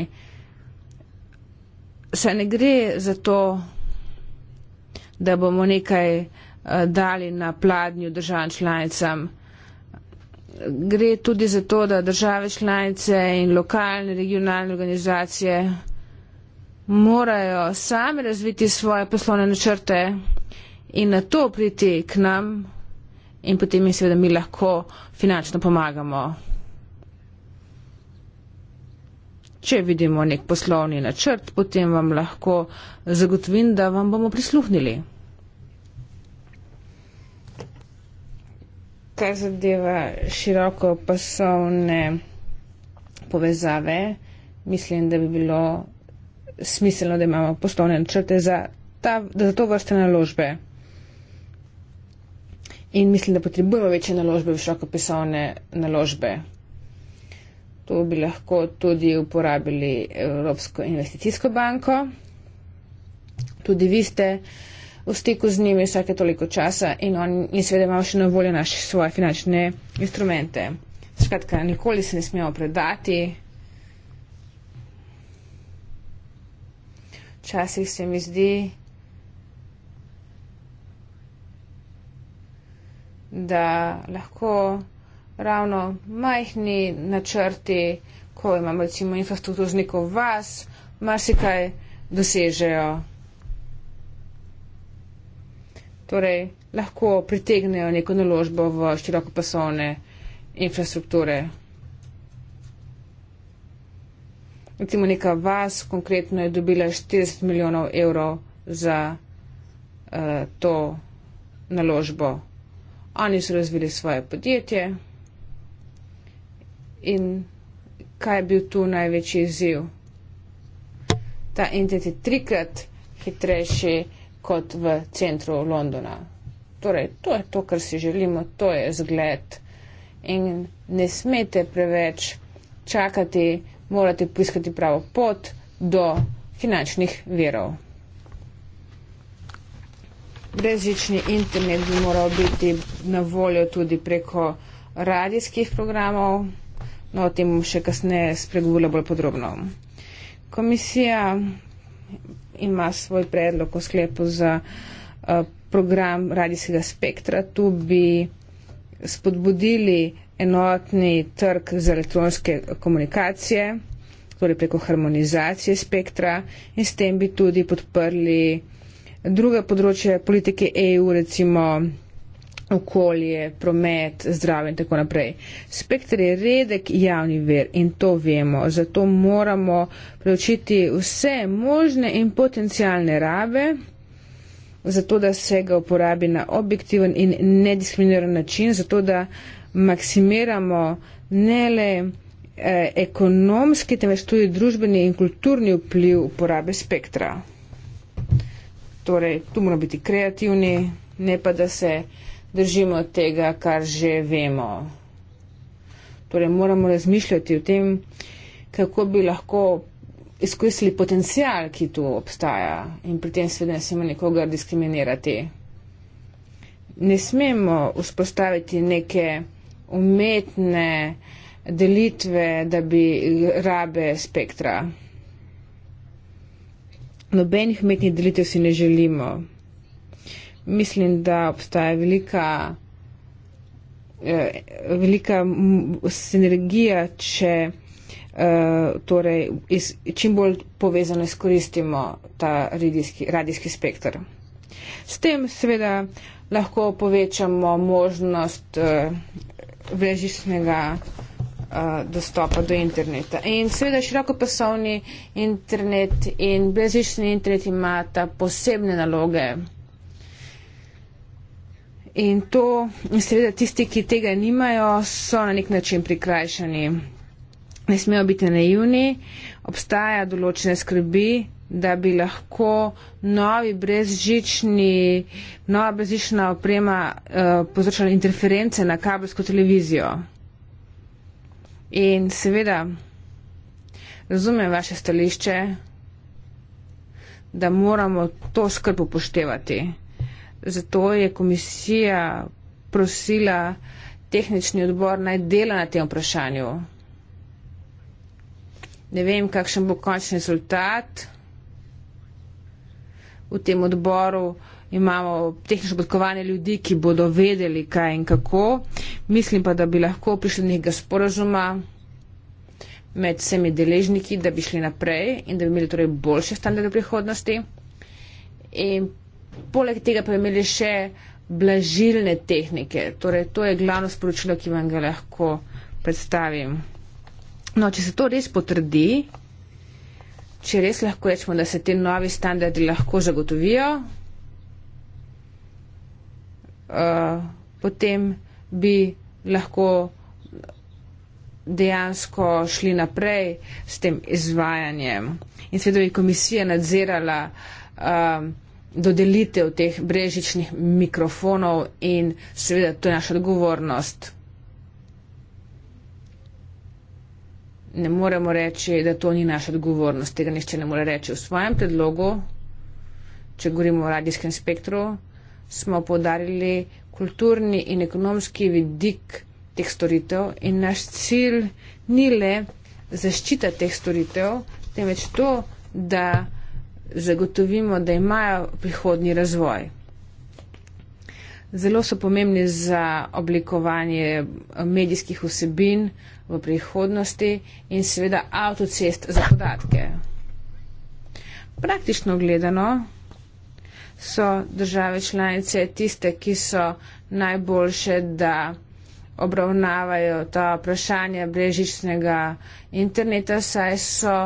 Se ne gre za to, da bomo nekaj eh, dali na pladnju državam članicam. Gre tudi za to, da države članice in lokalne, regionalne organizacije morajo same razviti svoje poslovne načrte in na to priti k nam in potem jim seveda mi lahko finančno pomagamo. Če vidimo nek poslovni načrt, potem vam lahko zagotovim, da vam bomo prisluhnili. Kar zadeva široko poslovne povezave, mislim, da bi bilo smiselno, da imamo poslovne načrte za, ta, za to vrste naložbe in mislim, da potrebujemo večje naložbe, visokopisovne naložbe. To bi lahko tudi uporabili Evropsko investicijsko banko. Tudi vi ste v stiku z njimi vsake toliko časa in oni in seveda imajo še na voljo naše svoje finančne instrumente. Skratka, nikoli se ne smemo predati. Včasih se mi zdi, da lahko ravno majhni načrti, ko imamo recimo infrastrukturnikov vas, marsikaj dosežejo. Torej, lahko pritegnejo neko naložbo v širokopasovne infrastrukture. Recimo neka vas konkretno je dobila 40 milijonov evrov za uh, to naložbo oni so razvili svoje podjetje in kaj je bil tu največji izziv? Ta entiti trikrat hitrejši kot v centru Londona. Torej, to je to, kar si želimo, to je zgled. In ne smete preveč čakati, morate poiskati pravo pot do finančnih verov brezžični internet bi moral biti na voljo tudi preko radijskih programov. No, o tem bom še kasneje spregovorila bolj podrobno. Komisija ima svoj predlog o sklepu za uh, program radijskega spektra. Tu bi spodbudili enotni trg za elektronske komunikacije, torej preko harmonizacije spektra in s tem bi tudi podprli druga področja politike EU, recimo okolje, promet, zdravje in tako naprej. Spektr je redek javni ver in to vemo, zato moramo preučiti vse možne in potencijalne rabe, zato da se ga uporabi na objektiven in nediskriminiran način, zato da maksimiramo ne le eh, ekonomski, temveč tudi družbeni in kulturni vpliv uporabe spektra. Torej, tu moramo biti kreativni, ne pa da se držimo tega, kar že vemo. Torej, moramo razmišljati o tem, kako bi lahko izkoristili potencial, ki tu obstaja in pri tem seveda ne smemo nikogar diskriminirati. Ne smemo vzpostaviti neke umetne delitve, da bi rabe spektra nobenih umetnih delitev si ne želimo. Mislim, da obstaja velika, eh, velika sinergija, če eh, torej iz, čim bolj povezano izkoristimo ta radijski, radijski spektr. S tem seveda lahko povečamo možnost eh, brežičnega. Eh, dostopa do interneta. In seveda širokopasovni internet in brezvični internet imata posebne naloge. In to, in seveda tisti, ki tega nimajo, so na nek način prikrajšani. Ne smejo biti naivni, obstaja določene skrbi, da bi lahko novi brezžični, nova brezžična oprema uh, povzročala interference na kabelsko televizijo. In seveda, razumem vaše stališče, da moramo to skrb upoštevati. Zato je komisija prosila tehnični odbor naj dela na tem vprašanju. Ne vem, kakšen bo končni rezultat v tem odboru imamo tehnično podkovane ljudi, ki bodo vedeli, kaj in kako. Mislim pa, da bi lahko prišli do nekega sporazuma med vsemi deležniki, da bi šli naprej in da bi imeli torej boljše standarde v prihodnosti. In poleg tega pa bi imeli še blažilne tehnike. Torej, to je glavno sporočilo, ki vam ga lahko predstavim. No, če se to res potrdi, če res lahko rečemo, da se te novi standardi lahko zagotovijo, Eh, potem bi lahko dejansko šli naprej s tem izvajanjem. In seveda bi komisija nadzirala eh, dodelitev teh brežičnih mikrofonov in seveda to je naša odgovornost. Ne moremo reči, da to ni naša odgovornost. Tega nišče ne more reči v svojem predlogu, če govorimo o radijskem spektru smo podarili kulturni in ekonomski vidik teh storitev in naš cilj ni le zaščita teh storitev, temveč to, da zagotovimo, da imajo prihodni razvoj. Zelo so pomembni za oblikovanje medijskih vsebin v prihodnosti in seveda avtocest za podatke. Praktično gledano, so države članice tiste, ki so najboljše, da obravnavajo ta vprašanja brežičnega interneta, saj so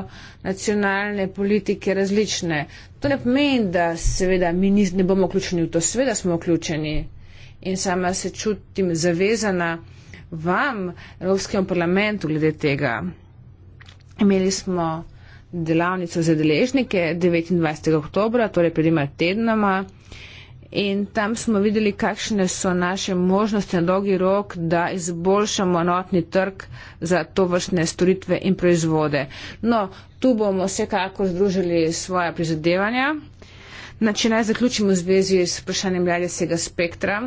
nacionalne politike različne. To ne pomeni, da seveda mi ne bomo vključeni v to, seveda smo vključeni in sama se čutim zavezana vam, Evropskem parlamentu, glede tega. Imeli smo delavnico za deležnike 29. oktober, torej pred dvema tednama. In tam smo videli, kakšne so naše možnosti na dolgi rok, da izboljšamo enotni trg za to vrstne storitve in proizvode. No, tu bomo vsekako združili svoja prizadevanja. Če naj zaključimo v zvezi s vprašanjem radijskega spektra,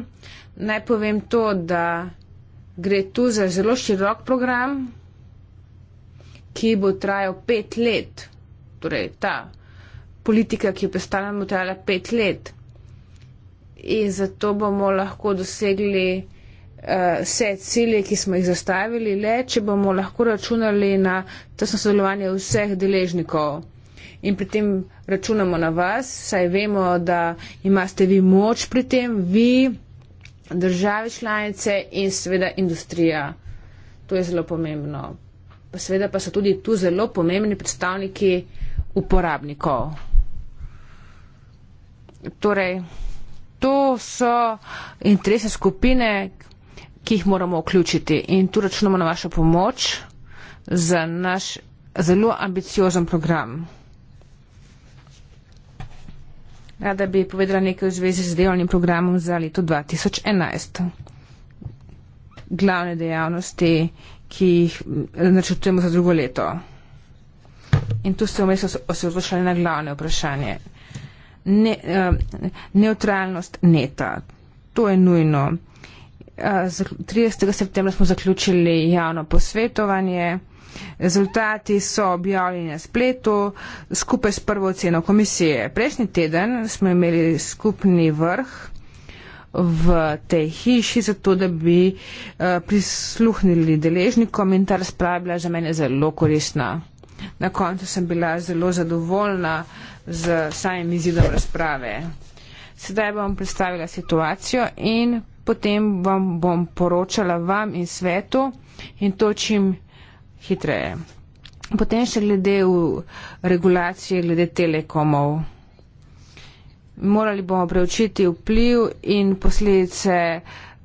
naj povem to, da gre tu za zelo širok program, ki bo trajal pet let, torej ta politika, ki je postala, bo trajala pet let. In zato bomo lahko dosegli uh, vse cilje, ki smo jih zastavili, le če bomo lahko računali na tesno sodelovanje vseh deležnikov. In pri tem računamo na vas, saj vemo, da imate vi moč pri tem, vi, države članice in seveda industrija. To je zelo pomembno. Seveda pa so tudi tu zelo pomembni predstavniki uporabnikov. Torej, to so interese skupine, ki jih moramo vključiti in tu računamo na vašo pomoč za naš zelo ambiciozen program. Rada bi povedala nekaj v zvezi z delovnim programom za leto 2011. Glavne dejavnosti ki jih eh, načrtujemo za drugo leto. In tu se vmes osredotočali na glavne vprašanje. Ne, uh, neutralnost neta. To je nujno. Uh, eh, 30. septembra smo zaključili javno posvetovanje. Rezultati so objavljeni na spletu skupaj s prvo oceno komisije. Prejšnji teden smo imeli skupni vrh v tej hiši, zato da bi uh, prisluhnili deležnikom in ta razprava je bila za mene zelo koristna. Na koncu sem bila zelo zadovoljna z samim izidom razprave. Sedaj bom predstavila situacijo in potem vam bom poročala vam in svetu in to čim hitreje. Potem še glede regulacije, glede telekomov. Morali bomo preučiti vpliv in posledice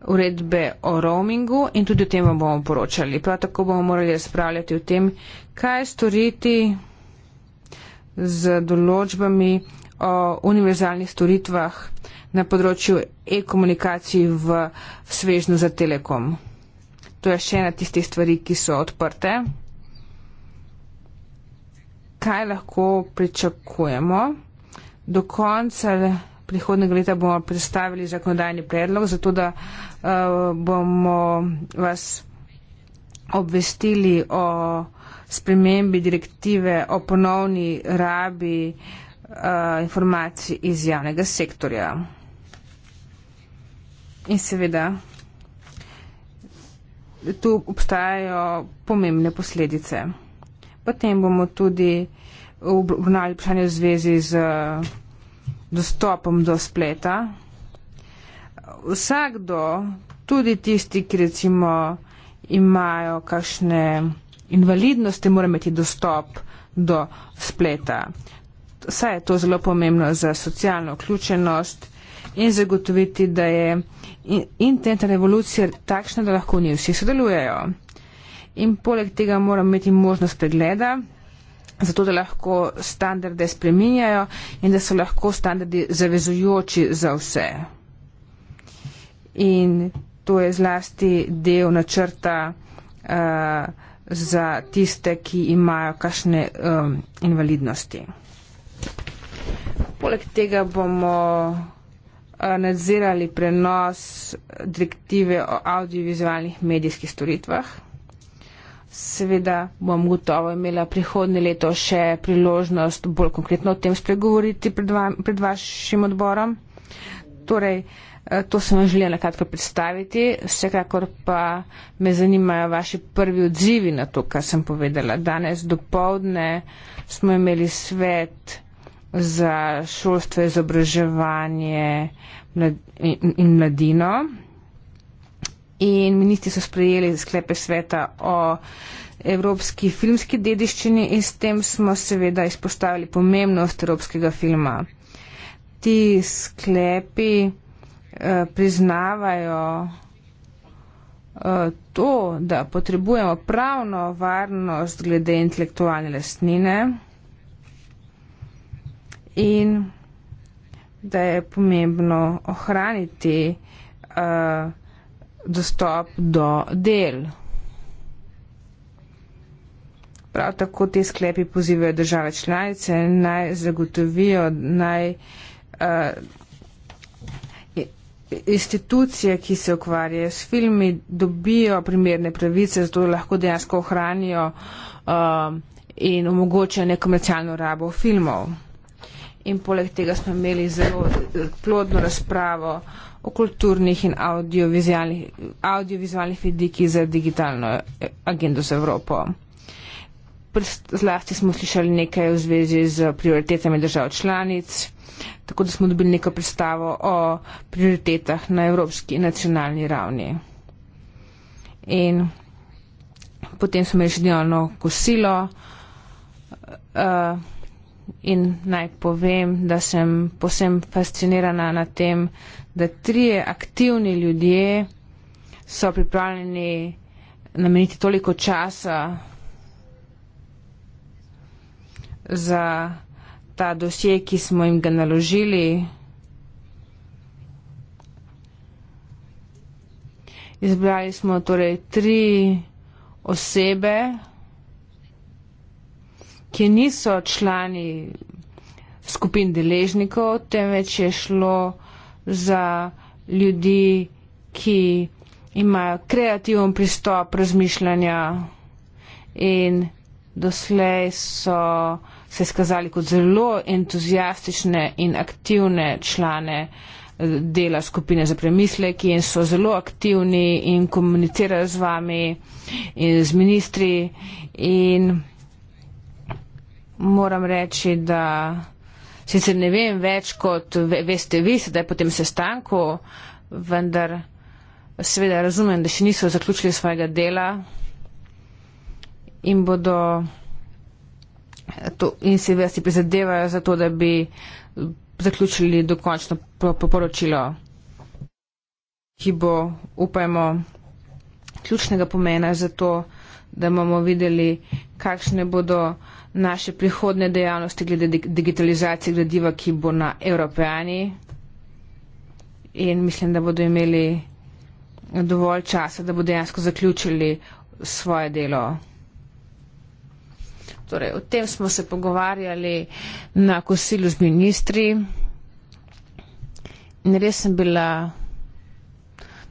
uredbe o roamingu in tudi o tem vam bomo poročali. Prav tako bomo morali razpravljati o tem, kaj storiti z določbami o univerzalnih storitvah na področju e-komunikacij v svežnu za telekom. To je še ena tistih stvari, ki so odprte. Kaj lahko pričakujemo? do konca prihodnega leta bomo predstavili zakonodajni predlog, zato da eh, bomo vas obvestili o spremembi direktive o ponovni rabi eh, informacij iz javnega sektorja. In seveda, tu obstajajo pomembne posledice. Potem bomo tudi obravnali vprašanje v zvezi z eh, dostopom do spleta. Vsakdo, tudi tisti, ki recimo imajo kakšne invalidnosti, mora imeti dostop do spleta. Saj je to zelo pomembno za socialno vključenost in zagotoviti, da je internet revolucija takšna, da lahko v njej vsi sodelujejo. In poleg tega moramo imeti možnost pregleda zato da lahko standarde spreminjajo in da so lahko standardi zavezujoči za vse. In to je zlasti del načrta uh, za tiste, ki imajo kakšne um, invalidnosti. Poleg tega bomo eh, nadzirali prenos direktive o audiovizualnih medijskih storitvah. Seveda bom gotovo imela prihodnje leto še priložnost bolj konkretno o tem spregovoriti pred, va, pred vašim odborom. Torej, eh, to sem vam želela nekako predstaviti, vsekakor pa me zanimajo vaši prvi odzivi na to, kar sem povedala. Danes do povdne smo imeli svet za šolstvo, izobraževanje in mladino in ministri so sprejeli sklepe sveta o evropski filmski dediščini in s tem smo seveda izpostavili pomembnost evropskega filma. Ti sklepi eh, priznavajo eh, to, da potrebujemo pravno varnost glede intelektualne lastnine in da je pomembno ohraniti eh, dostop do del. Prav tako te sklepi pozivajo države članice naj zagotovijo naj uh, institucije, ki se ukvarjajo s filmi, dobijo primerne pravice, zato lahko dejansko ohranijo uh, in omogočajo nekomercialno rabo filmov. In poleg tega smo imeli zelo eh, plodno razpravo uh, o kulturnih in audiovizualnih, audiovizualnih vidikih za digitalno eh, agendo z Evropo. Zlasti smo slišali nekaj v zvezi z prioritetami držav članic, tako da smo dobili neko predstavo o prioritetah na evropski in nacionalni ravni. In potem smo imeli še dnevno kosilo. Uh, in naj povem, da sem posem fascinirana na tem, da trije aktivni ljudje so pripravljeni nameniti toliko časa za ta dosje, ki smo jim ga naložili. Izbrali smo torej tri osebe, ki niso člani skupin deležnikov, temveč je šlo za ljudi, ki imajo kreativen pristop razmišljanja in doslej so se skazali kot zelo entuzijastične in aktivne člane eh, dela skupine za premisleki in so zelo aktivni in komunicirajo z vami in z ministri in moram reči, da sicer ne vem več, kot veste vi, sedaj po tem sestanku, vendar seveda razumem, da še niso zaključili svojega dela in bodo to, in seveda si prizadevajo za to, da bi zaključili dokončno poporočilo, ki bo, upajmo, ključnega pomena za to, da bomo videli, kakšne bodo naše prihodne dejavnosti glede digitalizacije gradiva, ki bo na Evropejani in mislim, da bodo imeli dovolj časa, da bo dejansko zaključili svoje delo. Torej, o tem smo se pogovarjali na kosilu z ministri in res sem bila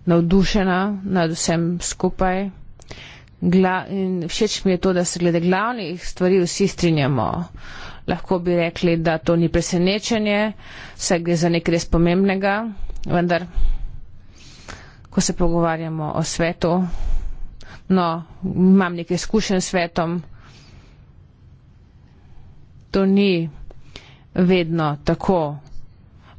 navdušena nad vsem skupaj in všeč mi je to, da se glede glavnih stvari vsi strinjamo. Lahko bi rekli, da to ni presenečenje, saj gre za nekaj res pomembnega, vendar, ko se pogovarjamo o svetu, no, imam nekaj izkušenj s svetom, to ni vedno tako.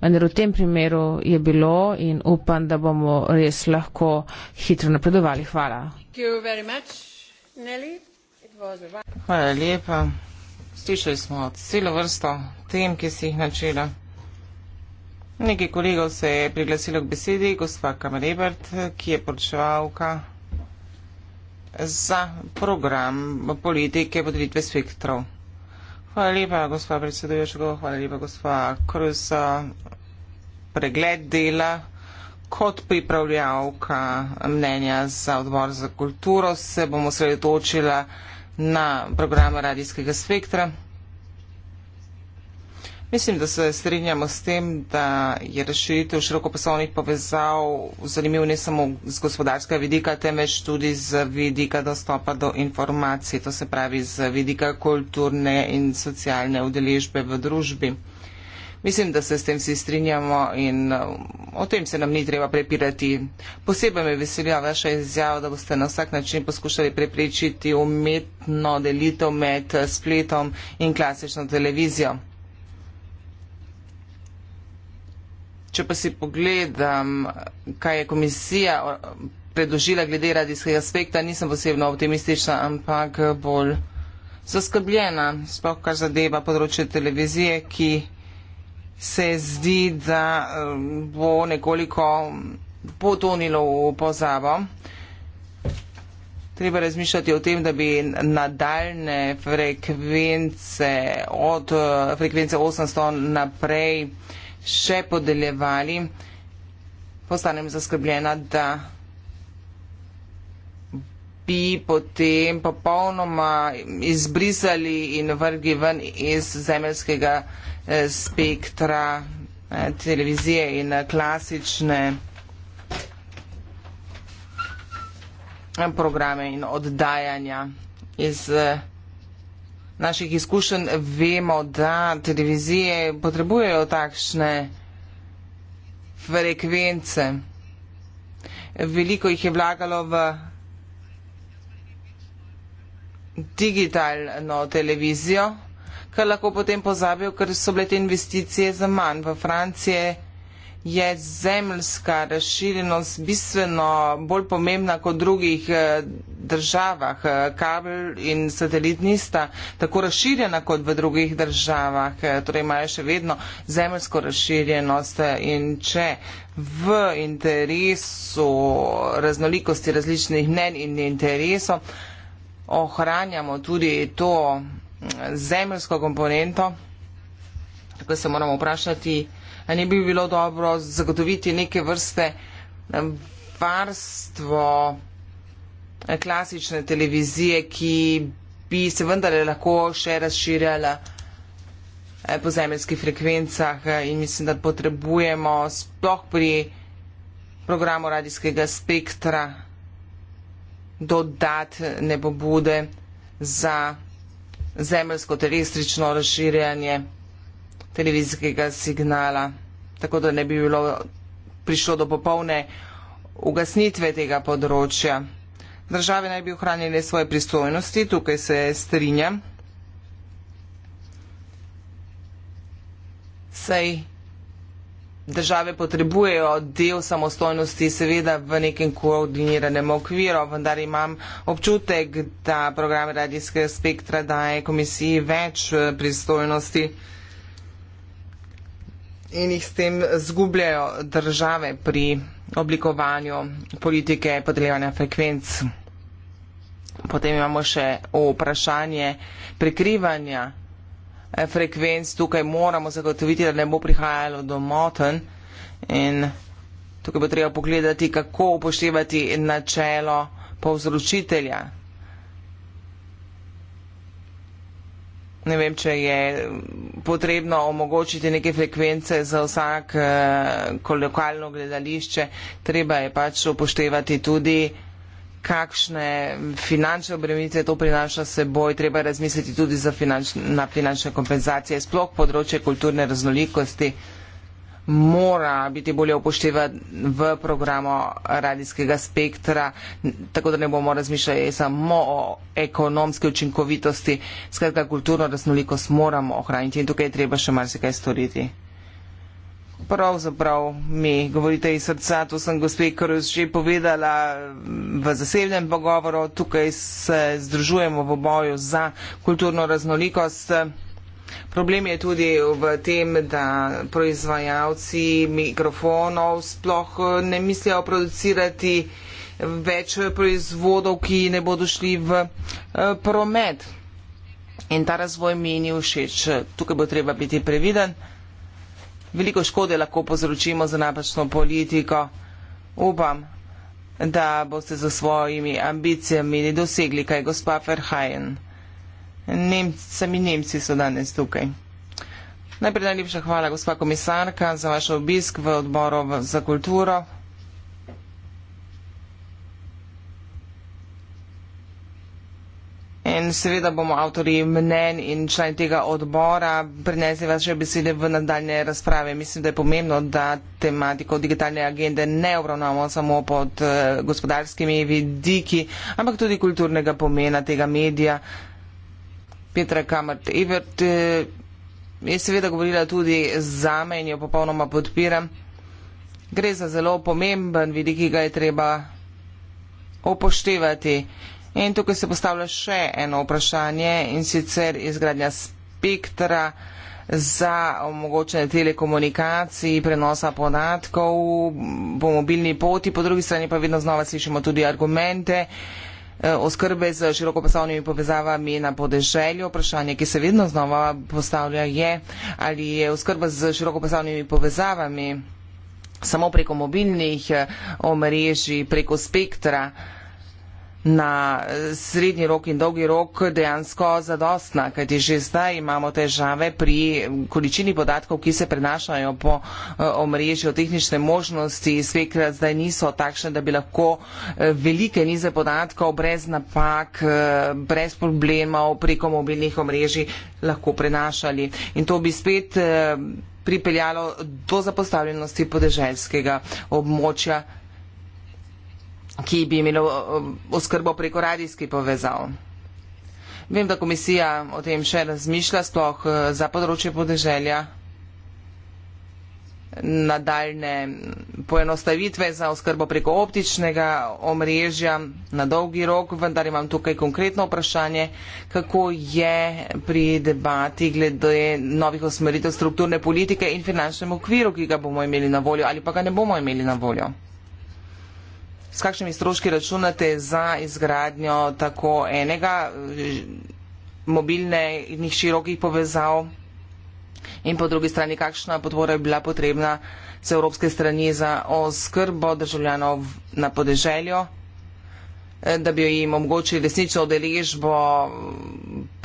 Vendar v tem primeru je bilo in upam, da bomo res lahko hitro napredovali. Hvala. Hvala lepa. Slišali smo celo vrsto tem, ki si jih načela. Nekaj kolegov se je priglasilo k besedi, gospa Kamrebert, ki je poročevalka za program politike podelitve spektrov. Hvala lepa, gospa predsedujoča, hvala lepa, gospa Kruz, za pregled dela kot pripravljavka mnenja za odbor za kulturo se bom osredotočila na programe radijskega spektra. Mislim, da se strinjamo s tem, da je razširitev širokopasovnih povezav zanimiv ne samo z gospodarskega vidika, temveč tudi z vidika dostopa do informacij, to se pravi z vidika kulturne in socialne udeležbe v družbi. Mislim, da se s tem vsi strinjamo in uh, o tem se nam ni treba prepirati. Posebej me veselja vaša izjava, da boste na vsak način poskušali preprečiti umetno delitev med eh, spletom in klasično televizijo. Če pa si pogledam, kaj je komisija predložila glede radijskega aspekta, nisem posebno optimistična, ampak bolj zaskrbljena, spokaj zadeva področje televizije, ki se zdi, da um, bo nekoliko potonilo v pozabo. Treba razmišljati o tem, da bi nadaljne frekvence od uh, frekvence 800 naprej še podeljevali. Postanem zaskrbljena, da bi potem popolnoma izbrisali in vrgli ven iz zemeljskega spektra eh, televizije in eh, klasične eh, programe in oddajanja. Iz naših izkušenj vemo, da televizije potrebujejo takšne frekvence. Veliko jih je vlagalo v digitalno televizijo kar lahko potem pozabijo, ker so bile te investicije za manj. V Francije je zemljska razširjenost bistveno bolj pomembna kot v drugih eh, državah. Eh, kabel in satelit nista tako razširjena kot v drugih državah, eh, torej imajo še vedno zemljsko razširjenost in če v interesu raznolikosti različnih mnen in interesov ohranjamo tudi to zemljsko komponento, tako se moramo vprašati, ne bi bilo dobro zagotoviti neke vrste varstvo eh, klasične televizije, ki bi se vendarle lahko še razširjala eh, po zemljskih frekvencah eh, in mislim, da potrebujemo sploh pri programu radijskega spektra dodatne pobude za zemljsko-teristično razširjanje televizijskega signala, tako da ne bi bilo prišlo do popolne ugasnitve tega področja. Države naj bi ohranjene svoje pristojnosti, tukaj se strinjam. Sej Države potrebujejo del samostojnosti, seveda v nekem koordiniranem okviru, vendar imam občutek, da program radijskega spektra daje komisiji več eh, pristojnosti in jih s tem zgubljajo države pri oblikovanju politike podeljevanja frekvenc. Potem imamo še vprašanje prekrivanja Eh, frekvenc tukaj moramo zagotoviti, da ne bo prihajalo do moten. In tukaj bo treba pogledati, kako upoštevati načelo povzročitelja. Ne vem, če je potrebno omogočiti neke frekvence za vsak eh, lokalno gledališče, treba je pač upoštevati tudi eh, kakšne finančne obremenitve to prinaša seboj, treba razmisliti tudi finanč, na finančne kompenzacije. Sploh področje kulturne raznolikosti mora biti bolje upoštevan v programu radijskega spektra, tako da ne bomo razmišljali samo o ekonomski učinkovitosti. Skratka, kulturno raznolikost moramo ohraniti in tukaj je treba še marsikaj storiti pravzaprav mi govorite iz srca, to sem gospe Kruz že povedala v zasebnem pogovoru, tukaj se združujemo v boju za kulturno raznolikost. Problem je tudi v tem, da proizvajalci mikrofonov sploh ne mislijo producirati več proizvodov, ki ne bodo šli v eh, promet. In ta razvoj mi ni všeč. Tukaj bo treba biti previden veliko škode lahko povzročimo za napačno politiko. Upam, da boste za svojimi ambicijami dosegli, kaj je gospa Ferhajen. Sami Nemci so danes tukaj. Najprej najlepša hvala, gospa komisarka, za vaš obisk v odboru za kulturo. in seveda bomo avtori mnen in člani tega odbora prinesli vaše besede v nadaljne razprave. Mislim, da je pomembno, da tematiko digitalne agende ne obravnavamo samo pod eh, gospodarskimi vidiki, ampak tudi kulturnega pomena tega medija. Petra Kamart-Evert eh, je seveda govorila tudi za me in jo popolnoma podpiram. Gre za zelo pomemben vidik, ki ga je treba upoštevati. In tukaj se postavlja še eno vprašanje in sicer izgradnja spektra za omogočanje telekomunikacij, prenosa podatkov po mobilni poti, po drugi strani pa vedno znova slišimo tudi argumente eh, oskrbe z širokopasovnimi povezavami na podeželju. Vprašanje, ki se vedno znova postavlja, je, ali je oskrba z širokopasovnimi povezavami samo preko mobilnih eh, omrežij, preko spektra, na srednji rok in dolgi rok dejansko zadostna, kajti že zdaj imamo težave pri količini podatkov, ki se prenašajo po eh, omrežju. Tehnične možnosti svekrat zdaj niso takšne, da bi lahko eh, velike nize podatkov brez napak, eh, brez problemov preko mobilnih omrežij lahko prenašali. In to bi spet pripeljalo do zapostavljenosti podeželjskega območja ki bi imelo eh, oskrbo preko radijskih povezav. Vem, da komisija o tem še razmišlja, sploh eh, za področje podeželja, nadaljne poenostavitve za oskrbo preko optičnega omrežja na dolgi rok, vendar imam tukaj konkretno vprašanje, kako je pri debati glede novih osmeritev strukturne politike in finančnem okviru, ki ga bomo imeli na voljo ali pa ga ne bomo imeli na voljo s kakšnimi stroški računate za izgradnjo tako enega eh, mobilnih širokih povezav in po drugi strani, kakšna podpora je bila potrebna z evropske strani za oskrbo državljanov na podeželju, eh, da bi jim omogočili resnično odeležbo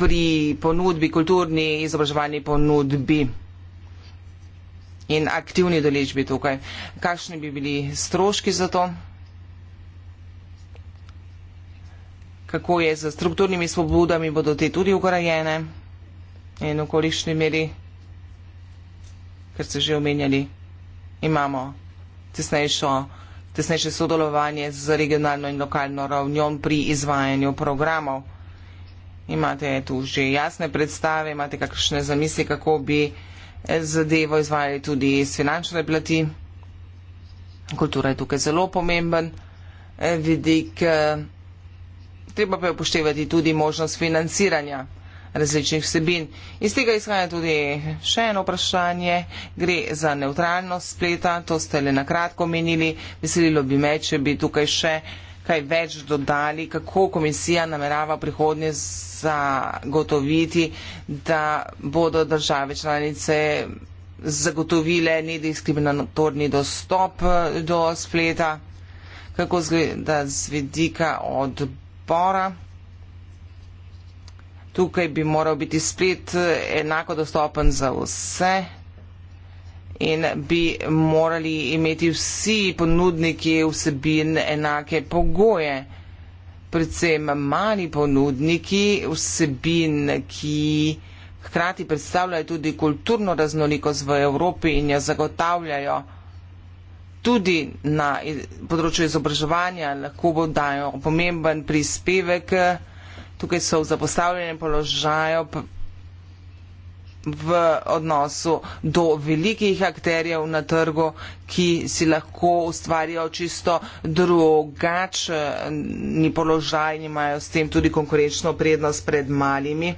pri ponudbi, kulturni izobraževalni ponudbi in aktivni odeležbi tukaj. Kakšni bi bili stroški za to? kako je z strukturnimi svobodami, bodo te tudi ugrajene in v kolišni meri, ker ste že omenjali, imamo tesnejšo, tesnejše sodelovanje z regionalno in lokalno ravnjo pri izvajanju programov. Imate tu že jasne predstave, imate kakšne zamisli, kako bi zadevo izvajali tudi iz finančne plati. Kultura je tukaj zelo pomemben eh, vidik. Eh, treba pa je upoštevati tudi možnost financiranja različnih vsebin. Iz tega izhaja tudi še eno vprašanje. Gre za neutralnost spleta, to ste le na kratko omenili. Veselilo bi me, če bi tukaj še kaj več dodali, kako komisija namerava prihodnje zagotoviti, da bodo države članice zagotovile nediskriminatorni dostop do spleta, kako zgleda z vidika odbora zapora. Tukaj bi moral biti splet eh, enako dostopen za vse in bi morali imeti vsi ponudniki vsebin enake pogoje. Predvsem mali ponudniki vsebin, ki hkrati predstavljajo tudi kulturno raznolikost v Evropi in jo zagotavljajo tudi na področju izobraževanja lahko bo dajo pomemben prispevek. Tukaj so v zapostavljenem položaju v odnosu do velikih akterjev na trgu, ki si lahko ustvarjajo čisto drugačni položaj in imajo s tem tudi konkurenčno prednost pred malimi. Uh,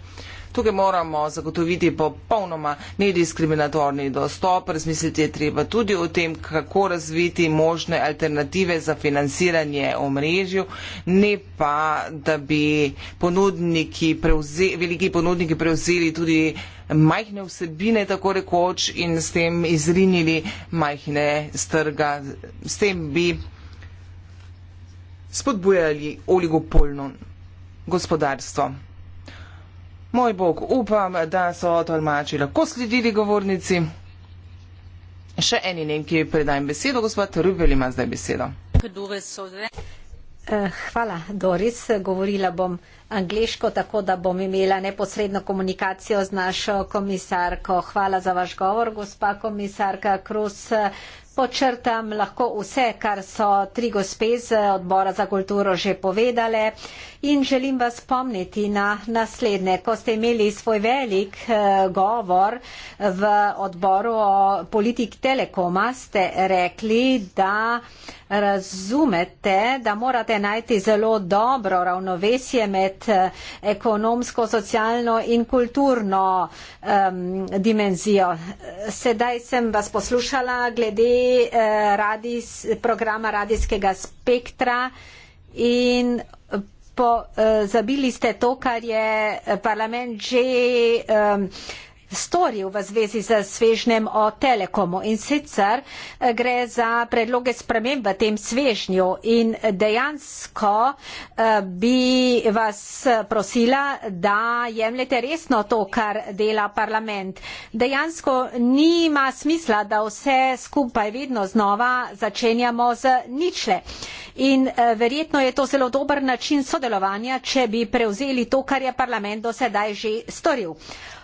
Tukaj moramo zagotoviti popolnoma nediskriminatorni dostop, razmisliti je treba tudi o tem, kako razviti možne alternative za financiranje v mrežju, ne pa, da bi ponudniki prevze, veliki ponudniki prevzeli tudi majhne vsebine, tako rekoč, in s tem izrinili majhne strga. S tem bi spodbujali oligopolno gospodarstvo. Moj bog, upam, da so tolmači lahko sledili govornici. Še eni nemki predajem besedo, gospod Rubel ima zdaj besedo. Eh, hvala, Doris. Govorila bom angliško, tako da bom imela neposredno komunikacijo z našo komisarko. Hvala za vaš govor, gospa komisarka Kruz. Počrtam lahko vse, kar so tri gospe z odbora za kulturo že povedale in želim vas spomniti na naslednje. Ko ste imeli svoj velik eh, govor v odboru o politik Telekoma, ste rekli, da razumete, da morate najti zelo dobro ravnovesje med eh, ekonomsko, socialno in kulturno um, dimenzijo. Sedaj sem vas poslušala glede uh, radis, programa radijskega spektra in po, uh, zabili ste to, kar je parlament že um, storil v zvezi z svežnem o Telekomu in sicer eh, gre za predloge sprememb v tem svežnju in dejansko eh, bi vas prosila, da jemljete resno to, kar dela parlament. Dejansko nima smisla, da vse skupaj vedno znova začenjamo z ničle. In eh, verjetno je to zelo dober način sodelovanja, če bi prevzeli to, kar je parlament do sedaj že storil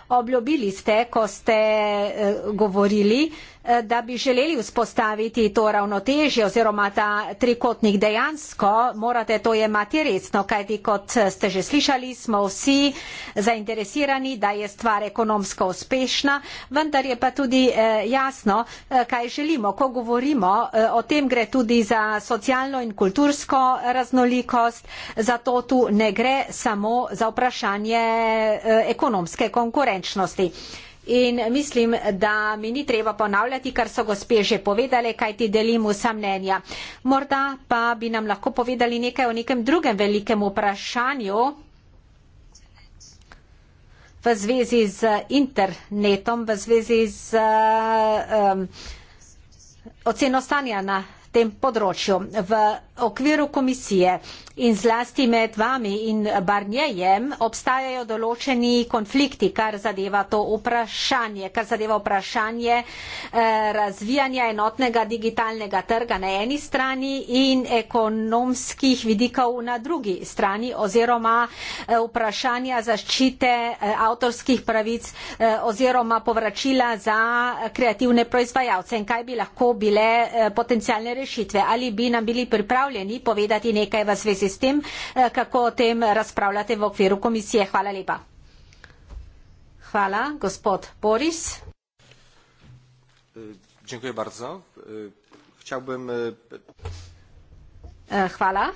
obljubili ste, ko ste eh, govorili, Eh, da bi želeli vzpostaviti to ravnotežje oziroma ta trikotnik dejansko, morate to jemati resno, kajti kot ste že slišali, smo vsi zainteresirani, da je stvar ekonomsko uspešna, vendar je pa tudi eh, jasno, eh, kaj želimo. Ko govorimo, o tem gre tudi za socialno in kultursko raznolikost, zato tu ne gre samo za vprašanje ekonomske konkurenčnosti. In mislim, da mi ni treba ponavljati, kar so gospe že povedali, kaj ti delim vsa mnenja. Morda pa bi nam lahko povedali nekaj o nekem drugem velikem vprašanju v zvezi z internetom, v zvezi z um, oceno stanja na tem področju. V okviru komisije in zlasti med vami in Barnjejem obstajajo določeni konflikti, kar zadeva to vprašanje, kar zadeva vprašanje eh, razvijanja enotnega digitalnega trga na eni strani in ekonomskih vidikov na drugi strani oziroma eh, vprašanja zaščite eh, avtorskih pravic oziroma povračila za kreativne proizvajalce in kaj bi lahko bile potencijalne rešitve. Ali bi nam bili pripravljeni pripravljeni povedati nekaj v zvezi s tem, eh, kako o tem razpravljate v okviru komisije. Hvala lepa. Hvala, gospod Boris. E, dziękuję bardzo. E, chciałbym. Chwala.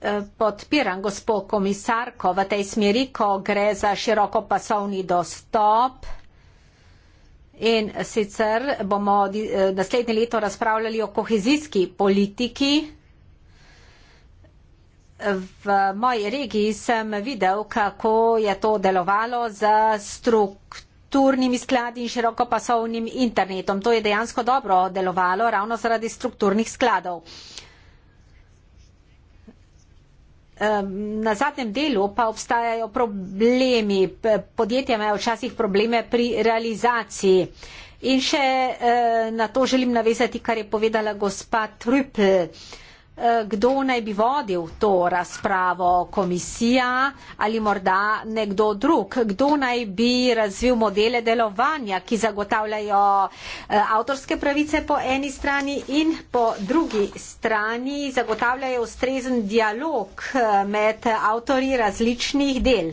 E, podpiram gospod komisarko v tej smeri, ko gre za širokopasovni dostop. In sicer bomo eh, naslednje leto razpravljali o kohezijski politiki. V moji regiji sem videl, kako je to delovalo z strukturnimi skladi in širokopasovnim internetom. To je dejansko dobro delovalo ravno zaradi strukturnih skladov. Na zadnjem delu pa obstajajo problemi. Podjetja imajo včasih probleme pri realizaciji. In še eh, na to želim navezati, kar je povedala gospa Trüppel. Eh, kdo naj bi vodil to razpravo, komisija ali morda nekdo drug, kdo naj bi razvil modele delovanja, ki zagotavljajo eh, avtorske pravice po eni strani in po drugi strani zagotavljajo ustrezen dialog eh, med avtori različnih del.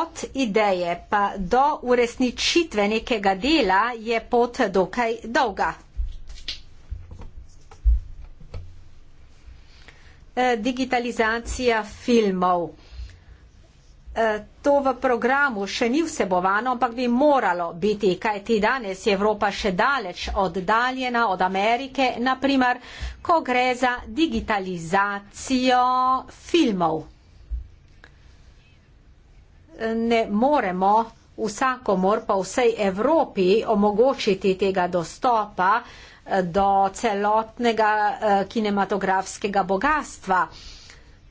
Od ideje pa do uresničitve nekega dela je pot dokaj dolga. Eh, digitalizacija filmov. Eh, to v programu še ni vsebovano, ampak bi moralo biti, kaj ti danes je Evropa še daleč oddaljena od Amerike, naprimer, ko gre za digitalizacijo filmov. Ne moremo vsakomor pa vsej Evropi omogočiti tega dostopa, do celotnega eh, kinematografskega bogatstva.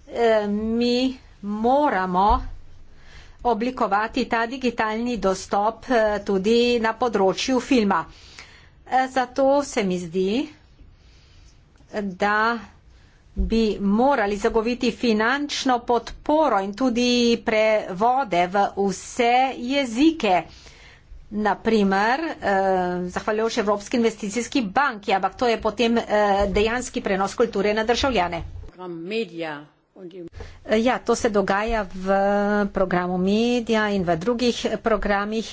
Eh, mi moramo oblikovati ta digitalni dostop eh, tudi na področju filma. Zato se mi zdi, da bi morali zagoviti finančno podporo in tudi prevode v vse jezike. Na primer, eh, zahvaljujoč Evropski investicijski banki, ampak to je potem eh, dejanski prenos kulture na državljane. Eh, ja, to se dogaja v programu medija in v drugih programih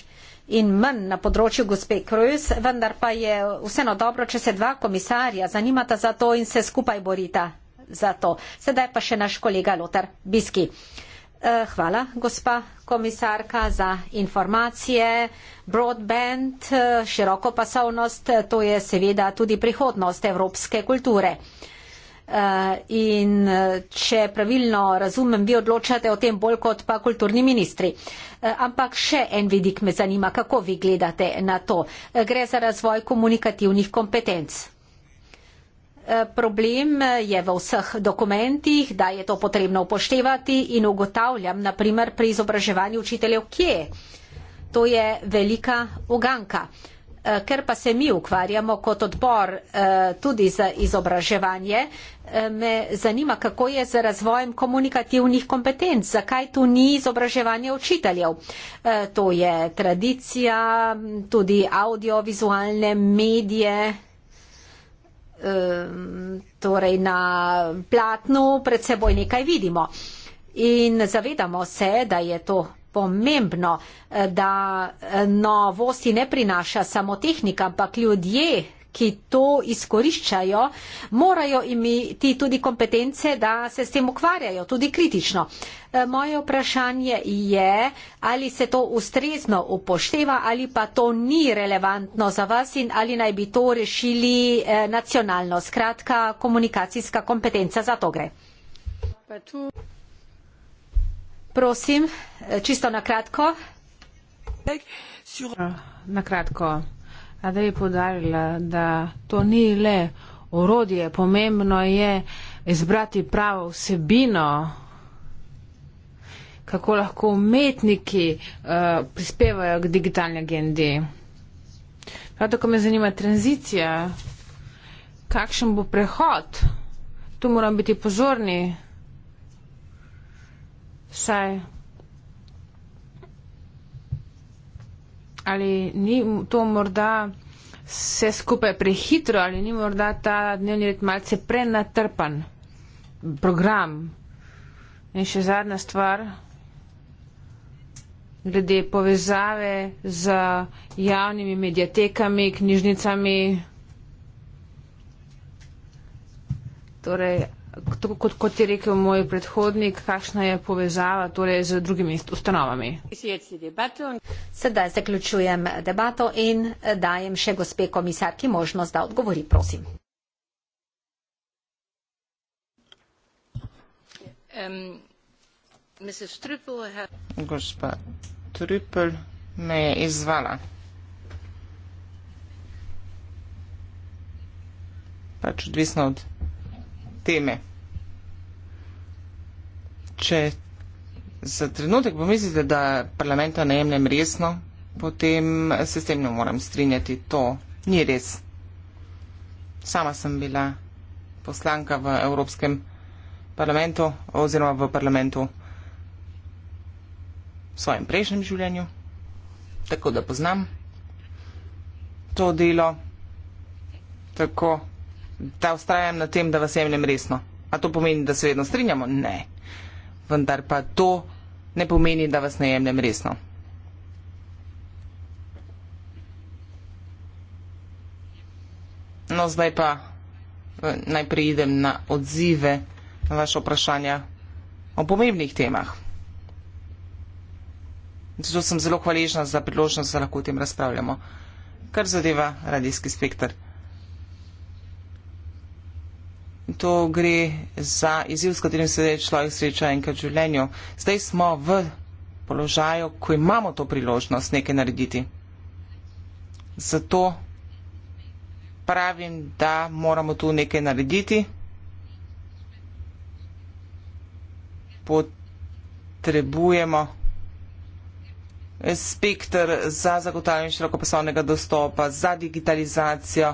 in manj na področju gospe Kruis, vendar pa je vseeno dobro, če se dva komisarja zanimata za to in se skupaj borita za to. Sedaj pa še naš kolega Lotar Biski. Uh, Eh, hvala, gospa komisarka, za informacije. Broadband, eh, široko pasovnost, eh, to je seveda tudi prihodnost evropske kulture. In če pravilno razumem, vi odločate o tem bolj kot pa kulturni ministri. Ampak še en vidik me zanima, kako vi gledate na to. Gre za razvoj komunikativnih kompetenc. Eh, problem eh, je v vseh dokumentih, da je to potrebno upoštevati in ugotavljam, naprimer pri izobraževanju učiteljev, kje. To je velika oganka. Eh, ker pa se mi ukvarjamo kot odbor tudi za izobraževanje, me zanima, kako je z razvojem komunikativnih kompetenc, zakaj tu ni izobraževanje učiteljev. To je tradicija, tudi audiovizualne medije, Ehm, torej na platnu pred seboj nekaj vidimo. In zavedamo se, da je to pomembno, eh, da eh, novosti ne prinaša samo tehnika, ampak ljudje, ki to izkoriščajo, morajo imeti tudi kompetence, da se s tem ukvarjajo, tudi kritično. E, moje vprašanje je, ali se to ustrezno upošteva ali pa to ni relevantno za vas in ali naj bi to rešili e, nacionalno. Skratka, komunikacijska kompetenca za to gre. Prosim, e, čisto na kratko. Na kratko. Ada je podarila, da to ni le orodje, pomembno je izbrati pravo vsebino, kako lahko umetniki uh, prispevajo k digitalni agendi. Prav tako me zanima tranzicija, kakšen bo prehod. Tu moramo biti pozorni, saj ali ni to morda vse skupaj prehitro, ali ni morda ta dnevni red malce prenatrpan program. In še zadnja stvar, glede povezave z javnimi medijatekami, knjižnicami. Torej, tako kot, kot je rekel moj predhodnik, kakšna je povezava torej z drugimi ustanovami. Sedaj zaključujem debato in dajem še gospe komisarki možnost, da odgovori, prosim. Um, Trupel, Gospa Trupel me je izvala. Pač odvisno od teme. Če za trenutek pomislite, da parlamenta ne jemljem resno, potem se s tem ne moram strinjati. To ni res. Sama sem bila poslanka v Evropskem parlamentu oziroma v parlamentu v svojem prejšnjem življenju, tako da poznam to delo, tako da ustrajam na tem, da vas jemljem resno. A to pomeni, da se vedno strinjamo? Ne. Vendar pa to ne pomeni, da vas ne jemljem resno. No, zdaj pa eh, najprej idem na odzive na vaše vprašanja o pomembnih temah. Zato sem zelo hvaležna za priložnost, da lahko o tem razpravljamo. Kar zadeva radijski spektr to gre za izziv, s katerim se človek sreča enkrat v življenju. Zdaj smo v položaju, ko imamo to priložnost nekaj narediti. Zato pravim, da moramo tu nekaj narediti. Potrebujemo spektr za zagotavljanje širokopasovnega dostopa, za digitalizacijo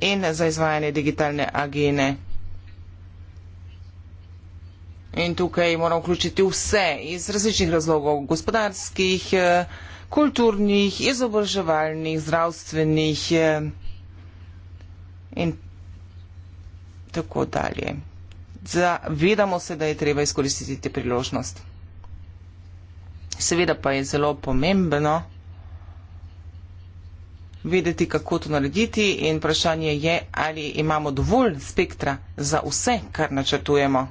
in za izvajanje digitalne agene. In tukaj moramo vključiti vse iz različnih razlogov, gospodarskih, eh, kulturnih, izobraževalnih, zdravstvenih eh, in tako dalje. Zavedamo se, da je treba izkoristiti te priložnost. Seveda pa je zelo pomembno, da je zelo pomembno, vedeti, kako to narediti in vprašanje je, ali imamo dovolj spektra za vse, kar načrtujemo.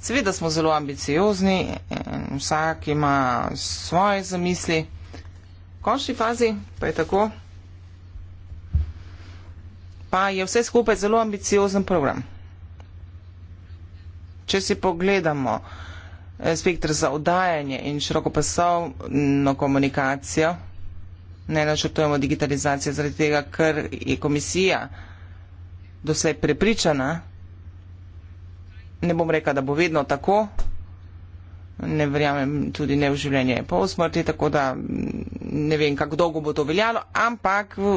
Seveda smo zelo ambiciozni in vsak ima svoje zamisli. V končni fazi pa je tako, pa je vse skupaj zelo ambiciozen program. Če si pogledamo eh, spektr za oddajanje in širokopasovno komunikacijo, ne načrtujemo digitalizacije, zaradi tega, ker je komisija doslej prepričana, ne bom rekla, da bo vedno tako, ne verjamem tudi ne v življenje po smrti, tako da ne vem, kako dolgo bo to veljalo, ampak v,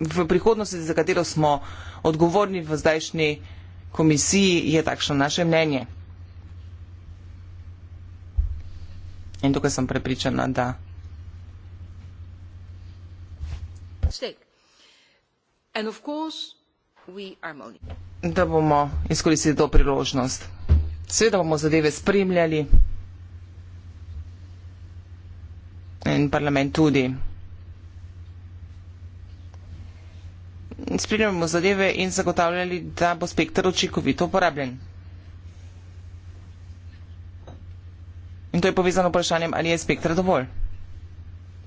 v prihodnosti, za katero smo odgovorni v zdajšnji komisiji, je takšno naše mnenje. In tukaj sem prepričana, da da bomo izkoristili to priložnost. Seveda bomo zadeve spremljali in parlament tudi. Spremljamo zadeve in zagotavljali, da bo spektr očikovito uporabljen. In to je povezano vprašanjem, ali je spektr dovolj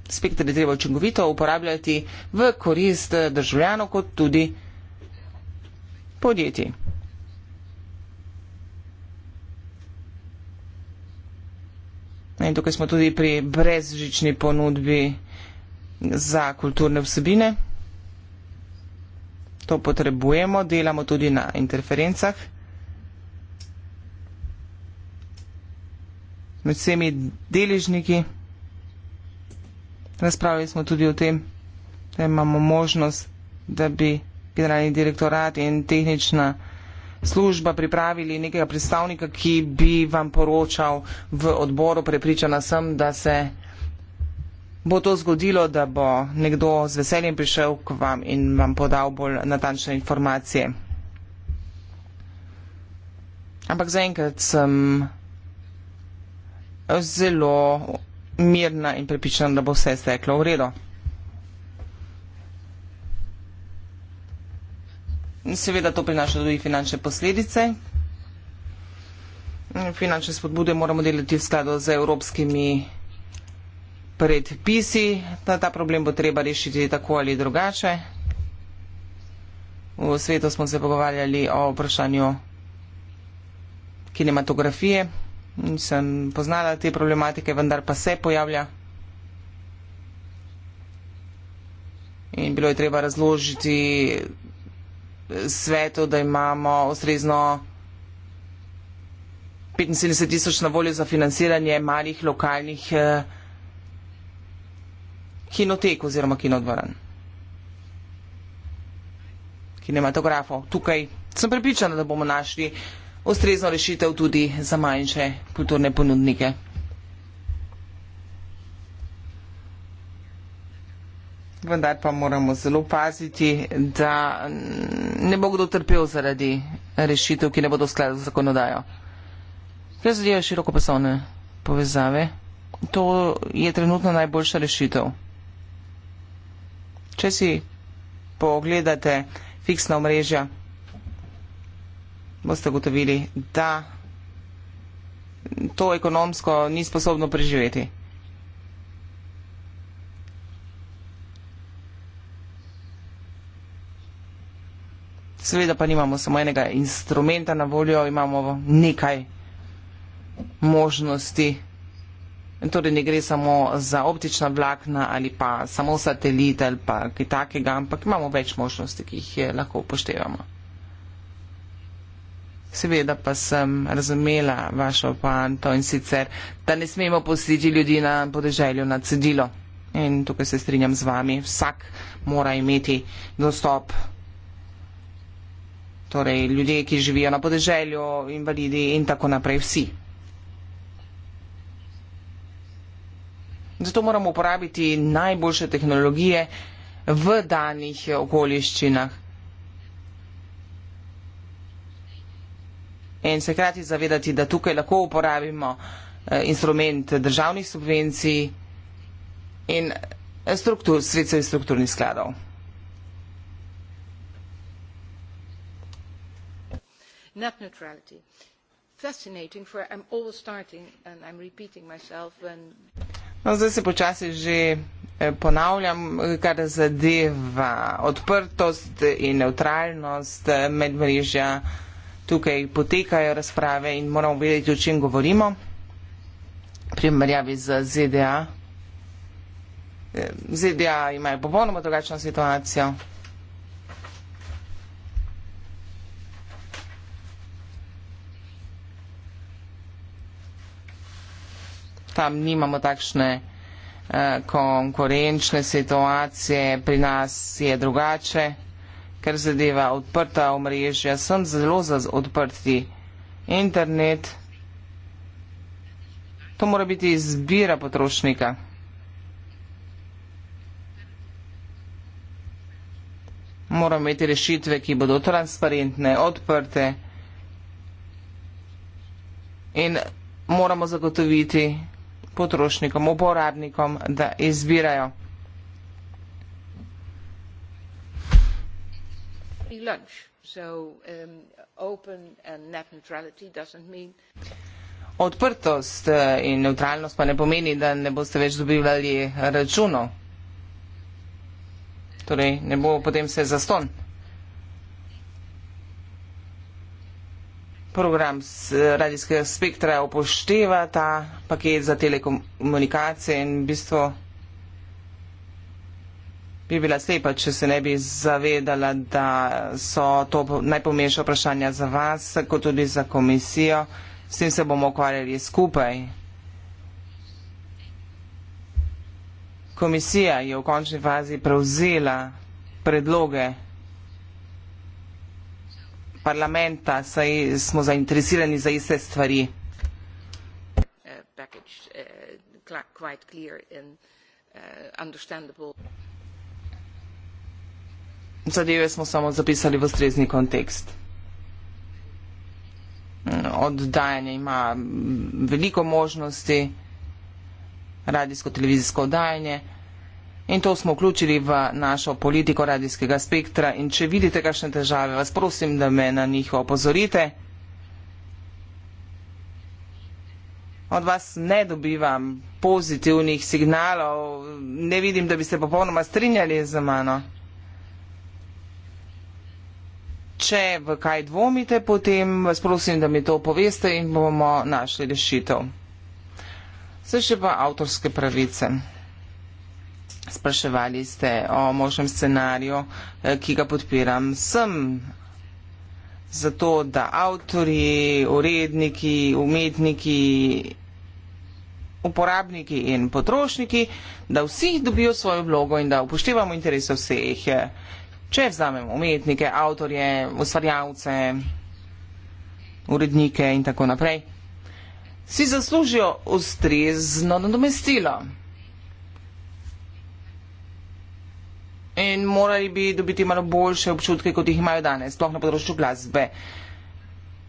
spektr je treba učinkovito uporabljati v korist državljanov kot tudi podjetij. In tukaj smo tudi pri brezžični ponudbi za kulturne vsebine. To potrebujemo, delamo tudi na interferencah. Med vsemi deležniki. Razpravili smo tudi o tem, da imamo možnost, da bi generalni direktorat in tehnična služba pripravili nekega predstavnika, ki bi vam poročal v odboru. Prepričana sem, da se bo to zgodilo, da bo nekdo z veseljem prišel k vam in vam podal bolj natančne informacije. Ampak zaenkrat sem zelo mirna in pripričana, da bo vse steklo v redu. Seveda to prinaša tudi finančne posledice. Finančne spodbude moramo delati v skladu z evropskimi predpisi. Ta, ta problem bo treba rešiti tako ali drugače. V svetu smo se pogovarjali o vprašanju kinematografije nisem poznala te problematike, vendar pa se pojavlja. In bilo je treba razložiti svetu, da imamo ustrezno 75 tisoč na voljo za financiranje malih lokalnih eh, kinotek oziroma kinodvoran. Kinematografo. Tukaj sem pripričana, da bomo našli ustrezno rešitev tudi za manjše kulturne ponudnike. Vendar pa moramo zelo paziti, da ne bo kdo trpel zaradi rešitev, ki ne bodo skladu z zakonodajo. Kaj zadeva širokopasovne povezave? To je trenutno najboljša rešitev. Če si pogledate fiksna omrežja, boste gotovili, da to ekonomsko ni sposobno preživeti. Seveda pa nimamo samo enega instrumenta na voljo, imamo nekaj možnosti. Torej ne gre samo za optična vlakna ali pa samo satelit ali pa kaj takega, ampak imamo več možnosti, ki jih lahko upoštevamo. Seveda pa sem razumela vašo poanto in sicer, da ne smemo posliti ljudi na podeželju na cedilo. In tukaj se strinjam z vami, vsak mora imeti dostop. Torej, ljudje, ki živijo na podeželju, invalidi in tako naprej, vsi. Zato moramo uporabiti najboljše tehnologije v danih okoliščinah. in se krati zavedati, da tukaj lahko uporabimo eh, instrument državnih subvencij in eh, struktur, sredstev strukturnih skladov. Net neutrality. Fascinating, for I'm always starting and I'm repeating myself when... No, zdaj se počasi že eh, ponavljam, kar zadeva odprtost in neutralnost medmrežja. mrežja tukaj potekajo razprave in moramo vedeti, o čem govorimo. Primerjavi z ZDA. Eh, ZDA imajo popolnoma drugačno situacijo. Tam nimamo takšne uh, konkurenčne situacije, pri nas je drugače kar zadeva odprta omrežja, sem zelo za odprti internet. To mora biti izbira potrošnika. Moramo imeti rešitve, ki bodo transparentne, odprte in moramo zagotoviti potrošnikom, uporabnikom, da izbirajo. free lunch so um, open and net neutrality doesn't mean Odprtost eh, in neutralnost pa ne pomeni, da ne boste več dobivali računov. Torej, ne bo potem vse zaston. Program eh, radijskega spektra upošteva ta paket za telekomunikacije in v bistvu bi bila slepa, če se ne bi zavedala, da so to najpomembnejša vprašanja za vas, kot tudi za komisijo. S tem se bomo ukvarjali skupaj. Komisija je v končni fazi prevzela predloge parlamenta, saj smo zainteresirani za iste stvari. Uh, package, uh, zadeve smo samo zapisali v strezni kontekst. Oddajanje ima veliko možnosti, radijsko-televizijsko oddajanje, in to smo vključili v našo politiko radijskega spektra. In če vidite kakšne težave, vas prosim, da me na njih opozorite. Od vas ne dobivam pozitivnih signalov, ne vidim, da bi se popolnoma strinjali z mano. Če v kaj dvomite, potem vas prosim, da mi to poveste in bomo našli rešitev. Se še pa avtorske pravice. Spraševali ste o možnem scenariju, eh, ki ga podpiram. Sem zato, da avtori, uredniki, umetniki, uporabniki in potrošniki, da vsi dobijo svojo vlogo in da upoštevamo interese vseh. Eh, Če vzamemo umetnike, avtorje, ustvarjalce, urednike in tako naprej, si zaslužijo ustrezno nadomestilo. In morali bi dobiti malo boljše občutke, kot jih imajo danes, sploh na področju glasbe.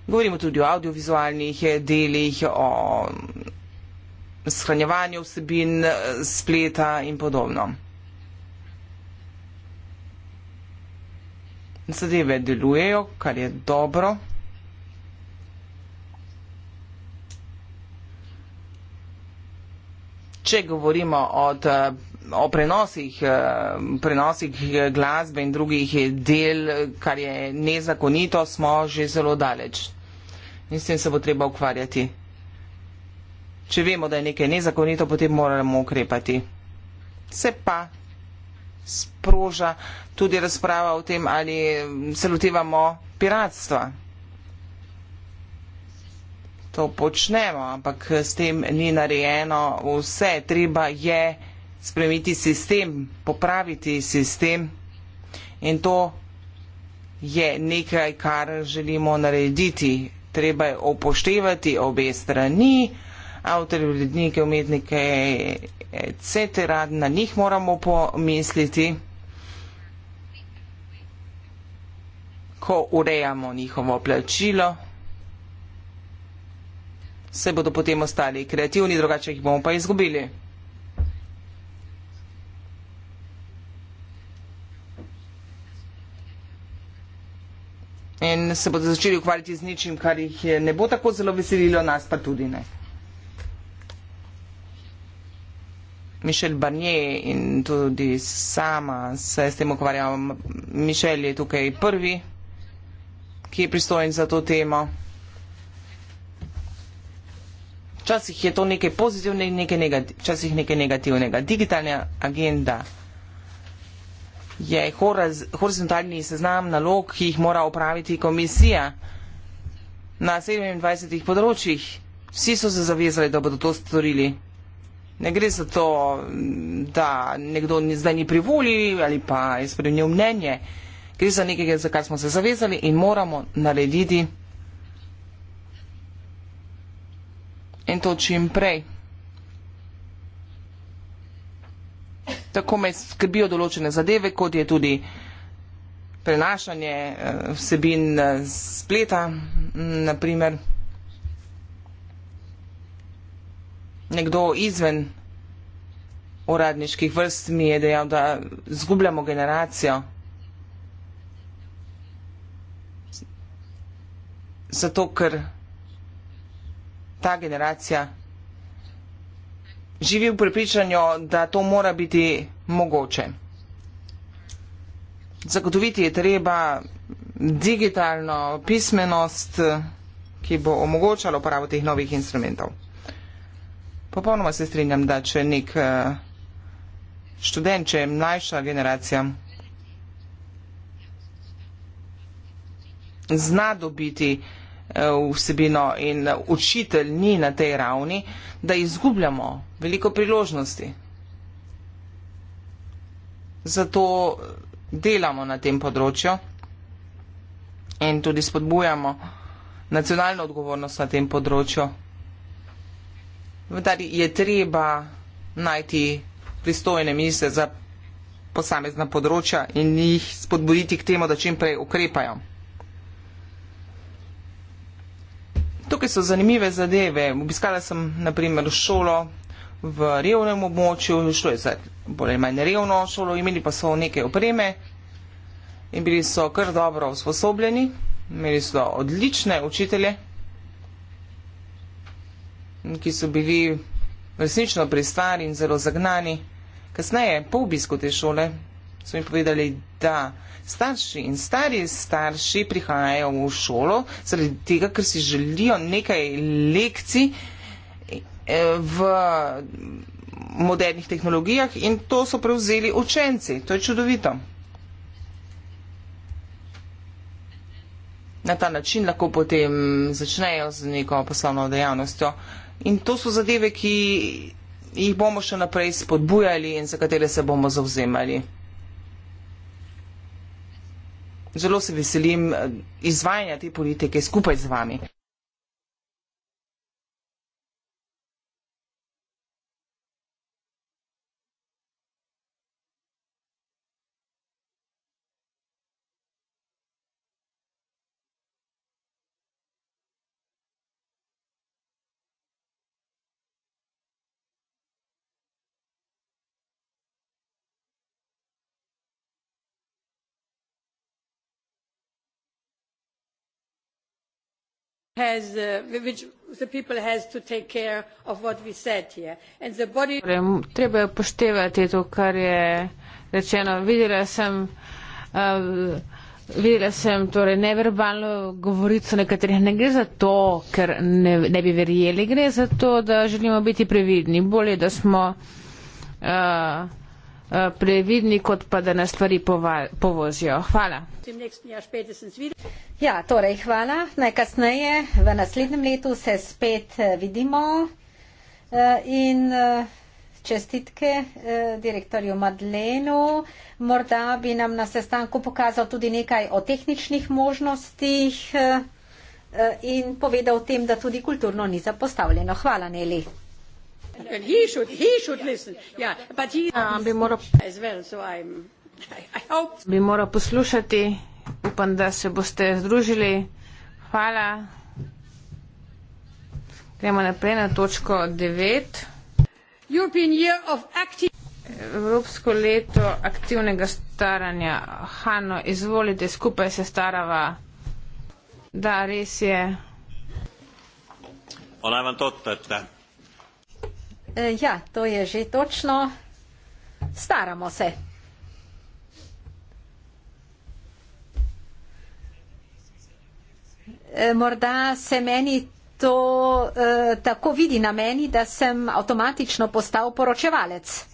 Govorimo tudi o audiovizualnih delih, o shranjevanju vsebin spleta in podobno. zadeve delujejo, kar je dobro. Če govorimo od, o prenosih, prenosih glasbe in drugih del, kar je nezakonito, smo že zelo daleč. In s tem se bo treba ukvarjati. Če vemo, da je nekaj nezakonito, potem moramo ukrepati. Se pa sproža tudi razprava o tem, ali se lotevamo piratstva. To počnemo, ampak s tem ni narejeno vse. Treba je spremeniti sistem, popraviti sistem in to je nekaj, kar želimo narediti. Treba je upoštevati obe strani avtorje, urednike, umetnike, etc. Na njih moramo pomisliti, ko urejamo njihovo plačilo. Se bodo potem ostali kreativni, drugače jih bomo pa izgubili. In se bodo začeli ukvarjati z ničim, kar jih ne bo tako zelo veselilo, nas pa tudi ne. Mišel Barnier in tudi sama se s tem ukvarjam. Mišel je tukaj prvi, ki je pristojen za to temo. Včasih je to nekaj pozitivnega, nekaj včasih nekaj negativnega. Digitalna agenda je horaz, horizontalni seznam nalog, ki jih mora upraviti komisija na 27 področjih. Vsi so se zavezali, da bodo to storili. Ne gre za to, da nekdo zdaj ni pri volji ali pa je spremenil mnenje. Gre za nekaj, za kar smo se zavezali in moramo narediti. In to čim prej. Tako me skrbijo določene zadeve, kot je tudi prenašanje eh, vsebin eh, spleta, naprimer. nekdo izven uradniških vrst mi je dejal, da zgubljamo generacijo. Zato, ker ta generacija živi v prepričanju, da to mora biti mogoče. Zagotoviti je treba digitalno pismenost, ki bo omogočala uporabo teh novih instrumentov. Popolnoma se strinjam, da če je nek eh, študent, če je mlajša generacija, zna dobiti eh, vsebino in učitelj ni na tej ravni, da izgubljamo veliko priložnosti. Zato delamo na tem področju in tudi spodbujamo nacionalno odgovornost na tem področju vendar je treba najti pristojne ministre za posamezna področja in jih spodbuditi k temu, da čim prej ukrepajo. Tukaj so zanimive zadeve. Obiskala sem naprimer šolo v revnem območju, šlo je za bolj ali manj revno šolo, imeli pa so neke opreme in bili so kar dobro usposobljeni, imeli so odlične učitelje ki so bili resnično pristari in zelo zagnani. Kasneje, po obisku te šole, so mi povedali, da starši in stari starši prihajajo v šolo zaradi tega, ker si želijo nekaj lekcij eh, v modernih tehnologijah in to so prevzeli učenci. To je čudovito. Na ta način lahko potem začnejo z neko poslovno dejavnostjo. In to so zadeve, ki jih bomo še naprej spodbujali in za katere se bomo zauzemali. Zelo se veselim eh, izvajanja te politike skupaj z vami. Uh, torej, treba je upoštevati to, kar je rečeno. Videla sem, uh, videla sem torej, neverbalno govorico nekaterih. Ne gre za to, ker ne, ne bi verjeli, gre za to, da želimo biti previdni. Bolje, da smo. Uh, Eh, previdni, kot pa da nas stvari povozijo. Hvala. Ja, torej hvala. Najkasneje v naslednjem letu se spet eh, vidimo eh, in čestitke direktorju Madlenu. Morda bi nam na sestanku pokazal tudi nekaj o tehničnih možnostih in povedal tem, da tudi kulturno ni zapostavljeno. Hvala, Neli. And he should, he should listen. Yeah, but he ja, bi mora, as well, so I'm, I, I hope. Bi mora poslušati. Upam, da se boste združili. Hvala. Gremo naprej na točko 9. European year of active. Evropsko leto aktivnega staranja. Hano, izvolite, skupaj se starava. Da, res je. Ona je vam to odprta. E, ja, to je že točno. Staramo se. E, morda se meni to eh, tako vidi na meni, da sem avtomatično postal poročevalec.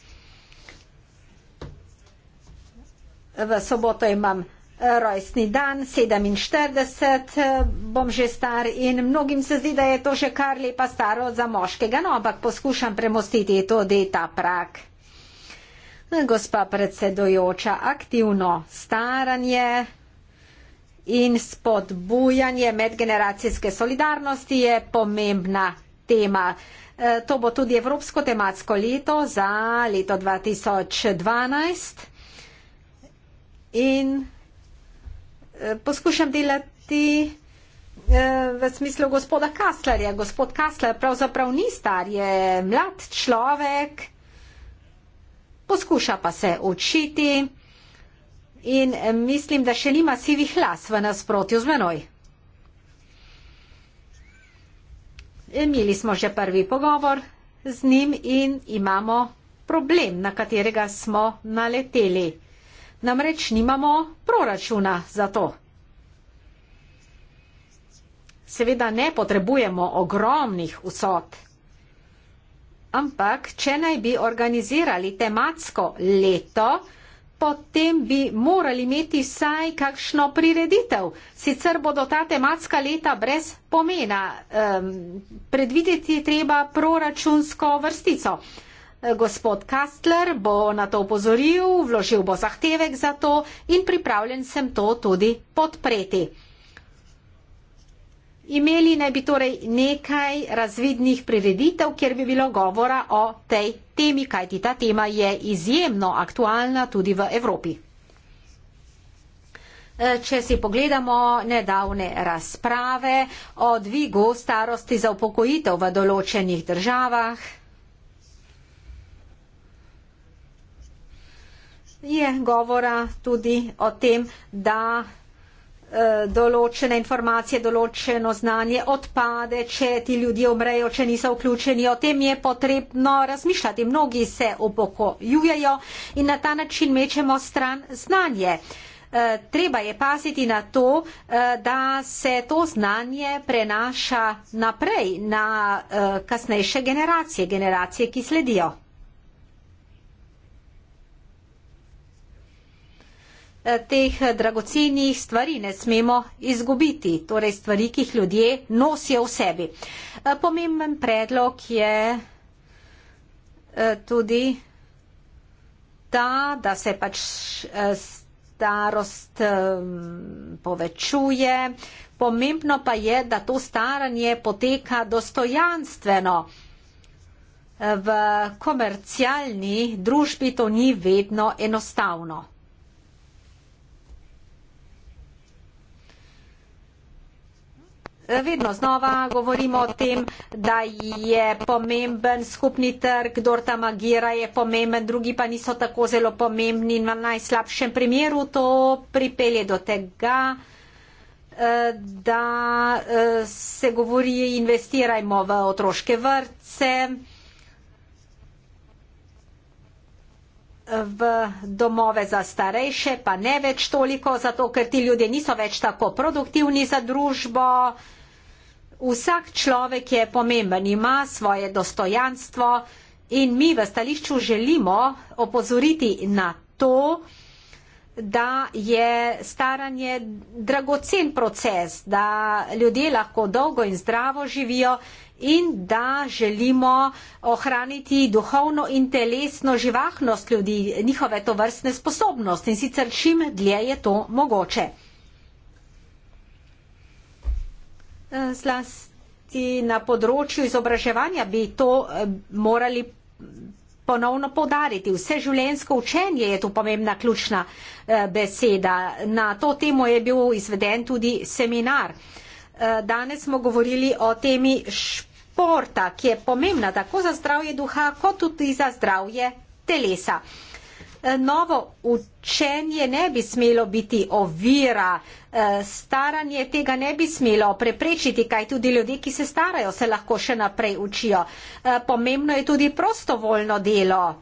V soboto imam rojstni dan, 47, eh, bom že star in mnogim se zdi, da je to že kar lepa staro za moškega, no ampak poskušam premostiti tudi ta prak. Gospa predsedojoča, aktivno staranje in spodbujanje medgeneracijske solidarnosti je pomembna tema. Eh, to bo tudi Evropsko tematsko leto za leto 2012. In poskušam delati eh, v smislu gospoda Kaslerja. Gospod Kasler pravzaprav ni star, je mlad človek, poskuša pa se učiti in eh, mislim, da še nima sivih las v nasprotju z menoj. Imeli smo že prvi pogovor z njim in imamo problem, na katerega smo naleteli namreč nimamo proračuna za to. Seveda ne potrebujemo ogromnih vsot, ampak če naj bi organizirali tematsko leto, potem bi morali imeti vsaj kakšno prireditev. Sicer bodo ta tematska leta brez pomena. Um, predvideti treba proračunsko vrstico. Gospod Kastler bo na to upozoril, vložil bo zahtevek za to in pripravljen sem to tudi podpreti. Imeli naj bi torej nekaj razvidnih prireditev, kjer bi bilo govora o tej temi, kajti ta tema je izjemno aktualna tudi v Evropi. E, če si pogledamo nedavne razprave o dvigu starosti za upokojitev v določenih državah, je govora tudi o tem, da eh, določene informacije, določeno znanje odpade, če ti ljudje umrejo, če niso vključeni. O tem je potrebno razmišljati. Mnogi se upokojujejo in na ta način mečemo stran znanje. Eh, treba je paziti na to, eh, da se to znanje prenaša naprej na kasnejše generacije, generacije, ki sledijo. teh dragocenih stvari ne smemo izgubiti, torej stvari, ki jih ljudje nosijo v sebi. Eh, pomemben predlog je eh, tudi ta, da se pač eh, starost povečuje. Pomembno pa je, da to staranje poteka dostojanstveno. V komercialni družbi to ni vedno enostavno. Eh, vedno znova govorimo o tem, da je pomemben skupni trg, kdo tam agira, je pomemben, drugi pa niso tako zelo pomembni. Na najslabšem primeru to pripelje do tega, eh, da eh, se govori, investirajmo v otroške vrtce, v domove za starejše, pa ne več toliko, zato ker ti ljudje niso več tako produktivni za družbo. Vsak človek je pomemben, ima svoje dostojanstvo in mi v stališču želimo opozoriti na to, da je staranje dragocen proces, da ljudje lahko dolgo in zdravo živijo in da želimo ohraniti duhovno in telesno živahnost ljudi, njihove tovrstne sposobnosti in sicer čim dlje je to mogoče. zlasti na področju izobraževanja bi to eh, morali ponovno podariti. Vse življensko učenje je tu pomembna ključna eh, beseda. Na to temo je bil izveden tudi seminar. Eh, danes smo govorili o temi športa, ki je pomembna tako za zdravje duha, kot tudi za zdravje telesa novo učenje ne bi smelo biti ovira, eh, staranje tega ne bi smelo preprečiti, kaj tudi ljudje, ki se starajo, se lahko še naprej učijo. Eh, pomembno je tudi prostovoljno delo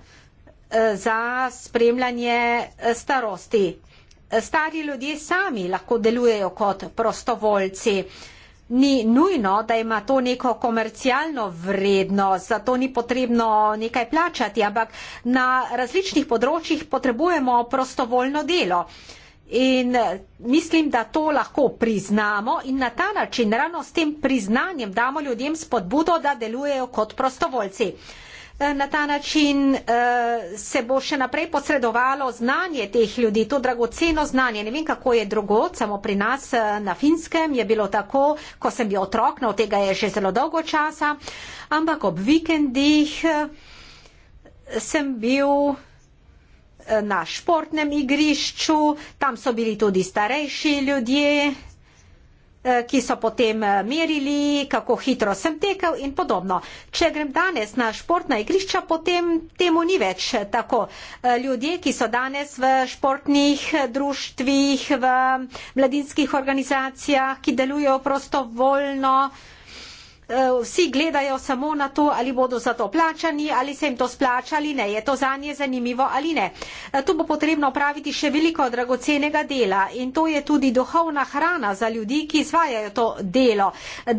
eh, za spremljanje starosti. Stari ljudje sami lahko delujejo kot prostovoljci ni nujno, da ima to neko komercialno vrednost, za to ni potrebno nekaj plačati, ampak na različnih področjih potrebujemo prostovoljno delo. In eh, mislim, da to lahko priznamo in na ta način, ravno s tem priznanjem, damo ljudem spodbudo, da delujejo kot prostovoljci. Eh, na ta način uh, se bo še naprej posredovalo znanje teh ljudi, to dragoceno znanje. Ne vem, kako je drugo, samo pri nas uh, na Finskem je bilo tako, ko sem bil otrok, no tega je že zelo dolgo časa, ampak ob vikendih uh, sem bil na športnem igrišču, tam so bili tudi starejši ljudje, Eh, ki so potem eh, merili, kako hitro sem tekel in podobno. Če grem danes na športna igrišča, potem temu ni več eh, tako. Ljudje, ki so danes v športnih društvih, v mladinskih organizacijah, ki delujejo prostovoljno, Eh, vsi gledajo samo na to, ali bodo za to plačani, ali se jim to splača ali ne, je to za nje zanimivo ali ne. Eh, tu bo potrebno opraviti še veliko dragocenega dela in to je tudi duhovna hrana za ljudi, ki izvajajo to delo.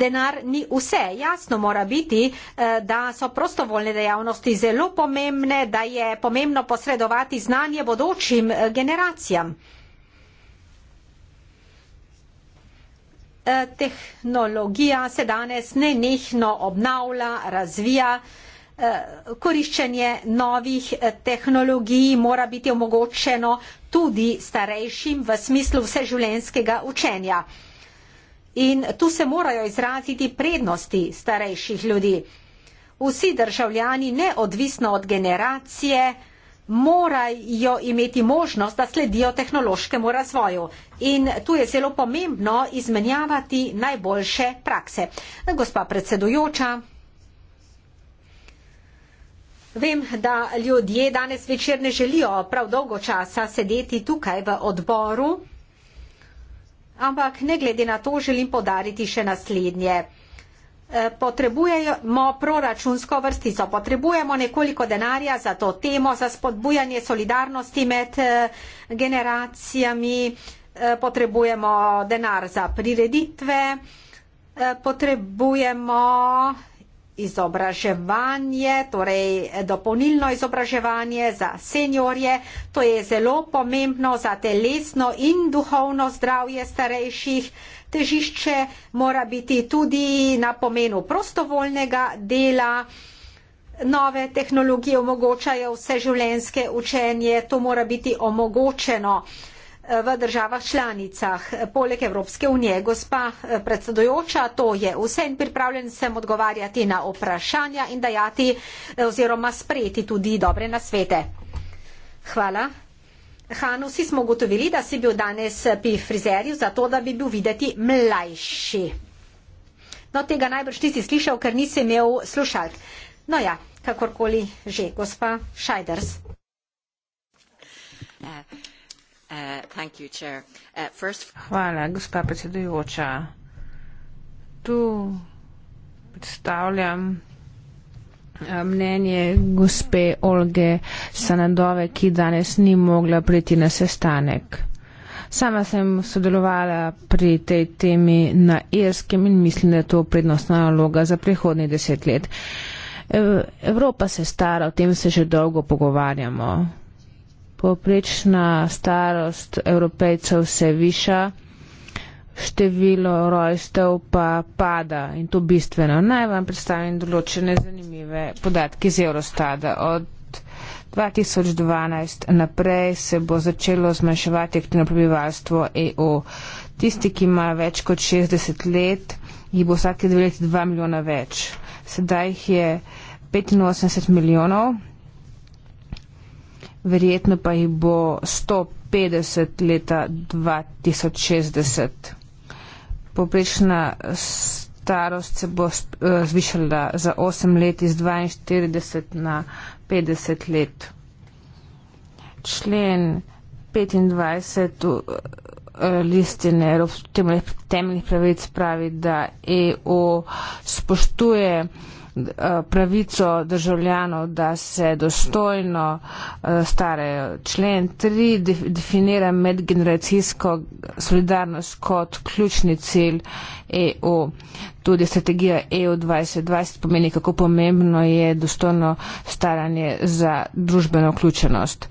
Denar ni vse. Jasno mora biti, eh, da so prostovoljne dejavnosti zelo pomembne, da je pomembno posredovati znanje bodočim generacijam. Eh, tehnologija se danes nenehno obnavlja, razvija. Eh, koriščenje novih eh, tehnologij mora biti omogočeno tudi starejšim v smislu vseživljenjskega učenja. In tu se morajo izraziti prednosti starejših ljudi. Vsi državljani, neodvisno od generacije, morajo imeti možnost, da sledijo tehnološkemu razvoju. In tu je zelo pomembno izmenjavati najboljše prakse. Gospa predsedujoča, vem, da ljudje danes večer ne želijo prav dolgo časa sedeti tukaj v odboru, ampak ne glede na to želim podariti še naslednje potrebujemo proračunsko vrstico, potrebujemo nekoliko denarja za to temo, za spodbujanje solidarnosti med eh, generacijami, eh, potrebujemo denar za prireditve, eh, potrebujemo izobraževanje, torej dopolnilno izobraževanje za seniorje. To je zelo pomembno za telesno in duhovno zdravje starejših težišče mora biti tudi na pomenu prostovoljnega dela. Nove tehnologije omogočajo vseživljenjske učenje, to mora biti omogočeno eh, v državah članicah, poleg Evropske unije. Gospa eh, predsedujoča, to je vse in pripravljen sem odgovarjati na vprašanja in dajati eh, oziroma sprejeti tudi dobre nasvete. Hvala. Han, vsi smo ugotovili, da si bil danes eh, pri frizerju, zato da bi bil videti mlajši. No, tega najbrž nisi slišal, ker nisi imel slušalk. No ja, kakorkoli že, gospa Šajders. Uh, uh, you, uh, first... Hvala, gospa predsedujoča. Tu predstavljam Eh, mnenje gospe Olge Sanadove, ki danes ni mogla priti na sestanek. Sama sem sodelovala pri tej temi na Irskem in mislim, da je to prednostna naloga za prihodnji deset let. Evropa se stara, o tem se že dolgo pogovarjamo. Poprečna starost evropejcev se viša število rojstev pa pada in to bistveno. Naj vam predstavim določene zanimive podatke iz Eurostada. Od 2012 naprej se bo začelo zmanjševati aktivno prebivalstvo EU. Tisti, ki ima več kot 60 let, jih bo vsake dve leti 2 milijona več. Sedaj jih je 85 milijonov, verjetno pa jih bo 150 leta 2060. Poprečna starost se bo eh, zvišala za 8 let iz 42 na 50 let. Člen 25 eh, listine temeljnih pravic pravi, da EU spoštuje Eh, pravico državljanov, da se dostojno eh, starejo. Člen 3 definira medgeneracijsko solidarnost kot ključni cilj EU tudi strategija EU 2020 pomeni, kako pomembno je dostojno staranje za družbeno vključenost.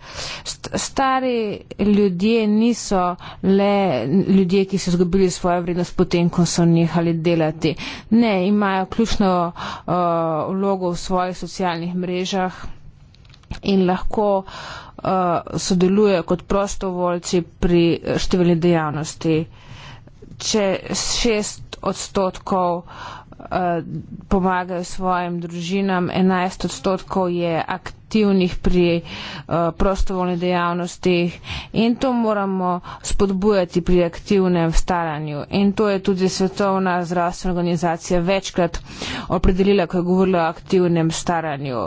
Stari ljudje niso le ljudje, ki so izgubili svojo vrednost potem, ko so nehali delati. Ne, imajo ključno uh, vlogo v svojih socialnih mrežah in lahko uh, sodelujejo kot prostovoljci pri številni dejavnosti. Uh, če šest odstotkov uh, pomagajo svojim družinam, enajst odstotkov je aktivno aktivnih pri eh, prostovoljnih dejavnostih in to moramo spodbujati pri aktivnem staranju. In to je tudi Svetovna zdravstvena organizacija večkrat opredelila, ko je govorila o aktivnem staranju.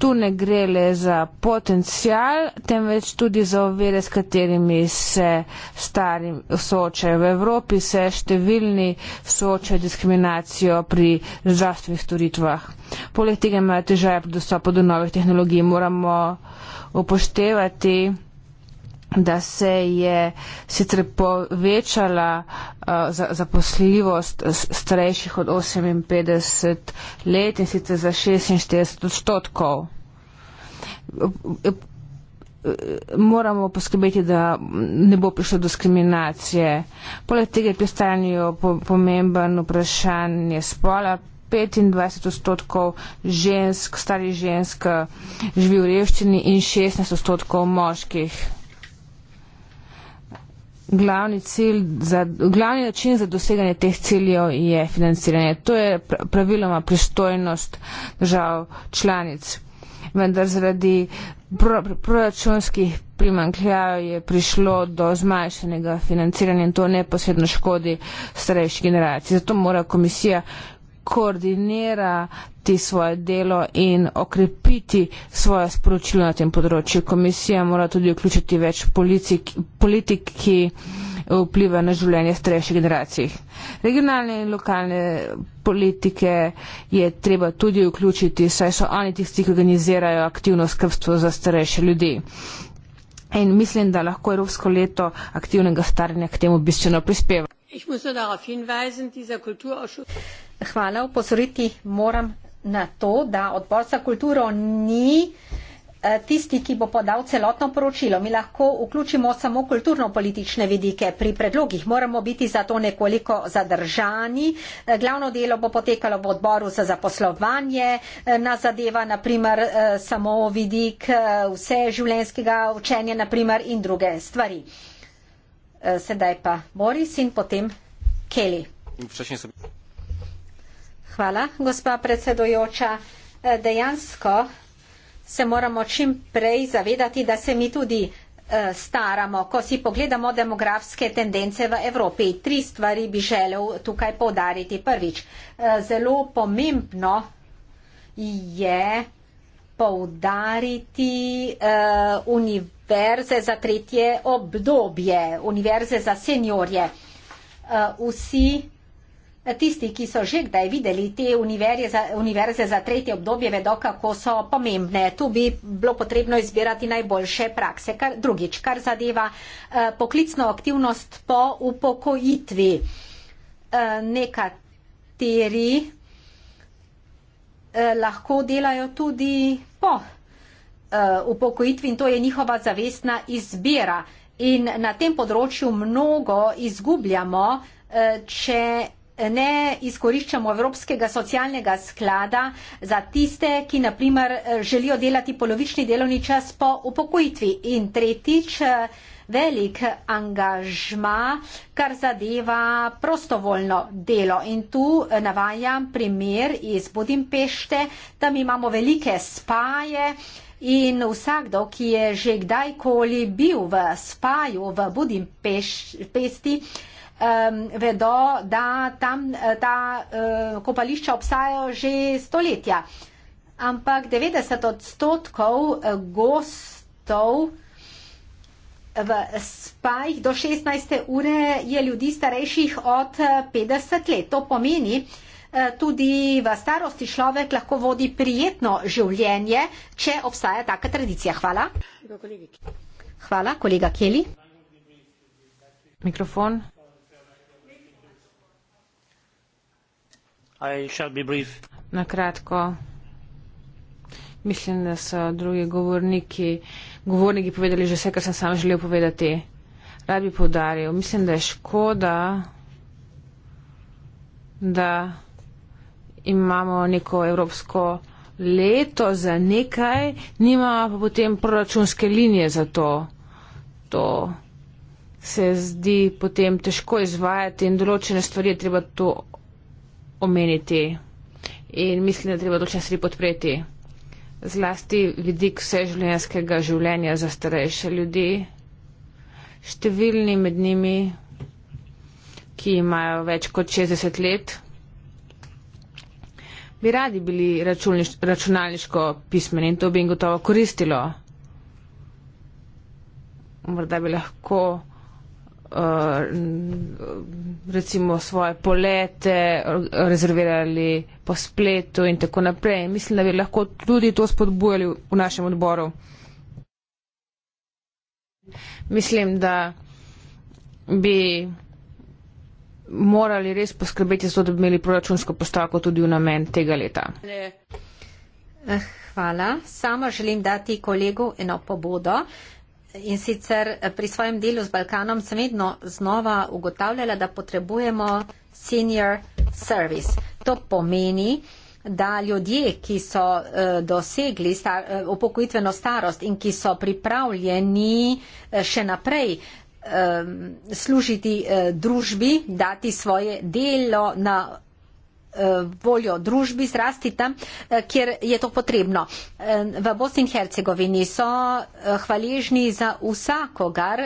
Tu ne gre le za potencial, temveč tudi za ovire, s katerimi se starim soočajo. V Evropi se številni soočajo diskriminacijo pri zdravstvenih storitvah. Poleg tega imajo težave pri dostopu do novih tehnologij moramo upoštevati, da se je sicer povečala uh, zaposljivost starejših od 58 let in sicer za 46 odstotkov. Moramo poskrbeti, da ne bo prišlo do diskriminacije. Poleg tega je pristajanje pomemben vprašanje spola, 25 odstotkov žensk, starih žensk živi v revščini in 16 odstotkov moških. Glavni, cilj za, glavni način za doseganje teh ciljev je financiranje. To je praviloma pristojnost držav članic. Vendar zaradi proračunskih primankljajo je prišlo do zmanjšanega financiranja in to neposredno škodi starejših generacij. Zato mora komisija koordinirati svoje delo in okrepiti svoje sporočilo na tem področju. Komisija mora tudi vključiti več politik, politik ki vplivajo na življenje starejših generacij. Regionalne in lokalne politike je treba tudi vključiti, saj so oni tisti, ki organizirajo aktivno skrbstvo za starejše ljudi. In mislim, da lahko Evropsko leto aktivnega staranja k temu bistveno prispeva. Ich muss nur darauf hinweisen, dieser Kulturausschuss. Hvala. Upozoriti moram na to, da odbor za kulturo ni eh, tisti, ki bo podal celotno poročilo. Mi lahko vključimo samo kulturno-politične vidike pri predlogih. Moramo biti zato nekoliko zadržani. Eh, glavno delo bo potekalo v odboru za zaposlovanje. Eh, na zadeva, naprimer, samo vidik vse življenjskega učenja, naprimer, in druge stvari. Sedaj pa Boris in potem Kelly. In Hvala, gospa predsedujoča. Eh, dejansko se moramo čim prej zavedati, da se mi tudi eh, staramo, ko si pogledamo demografske tendence v Evropi. Tri stvari bi želel tukaj povdariti. Prvič, eh, zelo pomembno je povdariti univerze za tretje obdobje, univerze za seniorje. Vsi Tisti, ki so že kdaj videli te univerze za tretje obdobje, vedo, kako so pomembne. Tu bi bilo potrebno izbirati najboljše prakse. Kar, drugič, kar zadeva eh, poklicno aktivnost po upokojitvi. Eh, nekateri eh, lahko delajo tudi po eh, upokojitvi in to je njihova zavestna izbira. In na tem področju mnogo izgubljamo, eh, če ne izkoriščamo Evropskega socialnega sklada za tiste, ki naprimer želijo delati polovični delovni čas po upokojitvi. In tretjič, velik angažma, kar zadeva prostovoljno delo. In tu navajam primer iz Budimpešte, tam imamo velike spaje. In vsakdo, ki je že kdajkoli bil v spaju v Budimpešti, Budimpeš um, vedo, da tam eh, ta um, kopališča obstajajo že stoletja. Ampak 90 odstotkov eh, gostov v spajih do 16. ure je ljudi starejših od 50 let. To pomeni, tudi v starosti človek lahko vodi prijetno življenje, če obstaja taka tradicija. Hvala. Hvala, kolega Keli. Mikrofon. Na kratko. Mislim, da so drugi govorniki, govorniki povedali že vse, kar sem sam želel povedati. Rad bi povdaril. Mislim, da je škoda, da imamo neko evropsko leto za nekaj, nima pa potem proračunske linije za to. To se zdi potem težko izvajati in določene stvari je treba to omeniti in mislim, da treba to čas tudi podpreti. Zlasti vidik vseživljenjskega življenja za starejše ljudi, številni med njimi, ki imajo več kot 60 let, bi radi bili računalniško pismeni in to bi jim gotovo koristilo. Morda bi lahko Eh, recimo svoje polete rezervirali po spletu in tako naprej. Mislim, da bi lahko tudi to spodbujali v našem odboru. Mislim, da bi morali res poskrbeti za to, da bi imeli proračunsko postavko tudi v namen tega leta. Eh, hvala. Sama želim dati kolegu eno pobudo. In sicer eh, pri svojem delu z Balkanom sem vedno znova ugotavljala, da potrebujemo senior service. To pomeni, da ljudje, ki so uh, dosegli star, uh, upokojitveno starost in ki so pripravljeni še naprej uh, služiti uh, družbi, dati svoje delo na Eh, voljo družbi zrasti tam, eh, kjer je to potrebno. Eh, v Bosni in Hercegovini so hvaležni za vsakogar,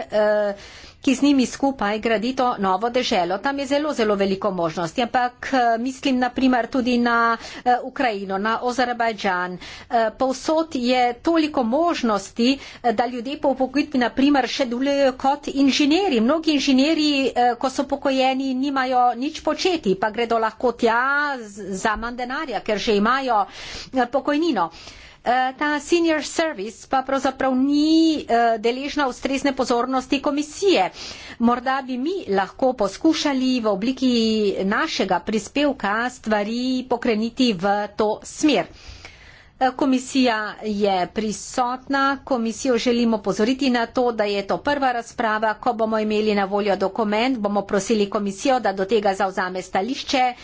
ki z njimi skupaj gradi to novo deželo. Tam je zelo, zelo veliko možnosti, ampak eh, mislim naprimer tudi na eh, Ukrajino, na Ozarbajdžan. Eh, povsod je toliko možnosti, da ljudje po upokojitvi naprimer še delujejo kot inženjeri. Mnogi inženjeri, ko so pokojeni, nimajo nič početi, pa gredo lahko tja za manj denarja, ker že imajo pokojnino. Eh, ta senior service pa pravzaprav ni eh, deležna ustrezne pozornosti komisije. Morda bi mi lahko poskušali v obliki našega prispevka stvari pokreniti v to smer. Komisija je prisotna, komisijo želimo pozoriti na to, da je to prva razprava. Ko bomo imeli na voljo dokument, bomo prosili komisijo, da do tega zauzame stališče.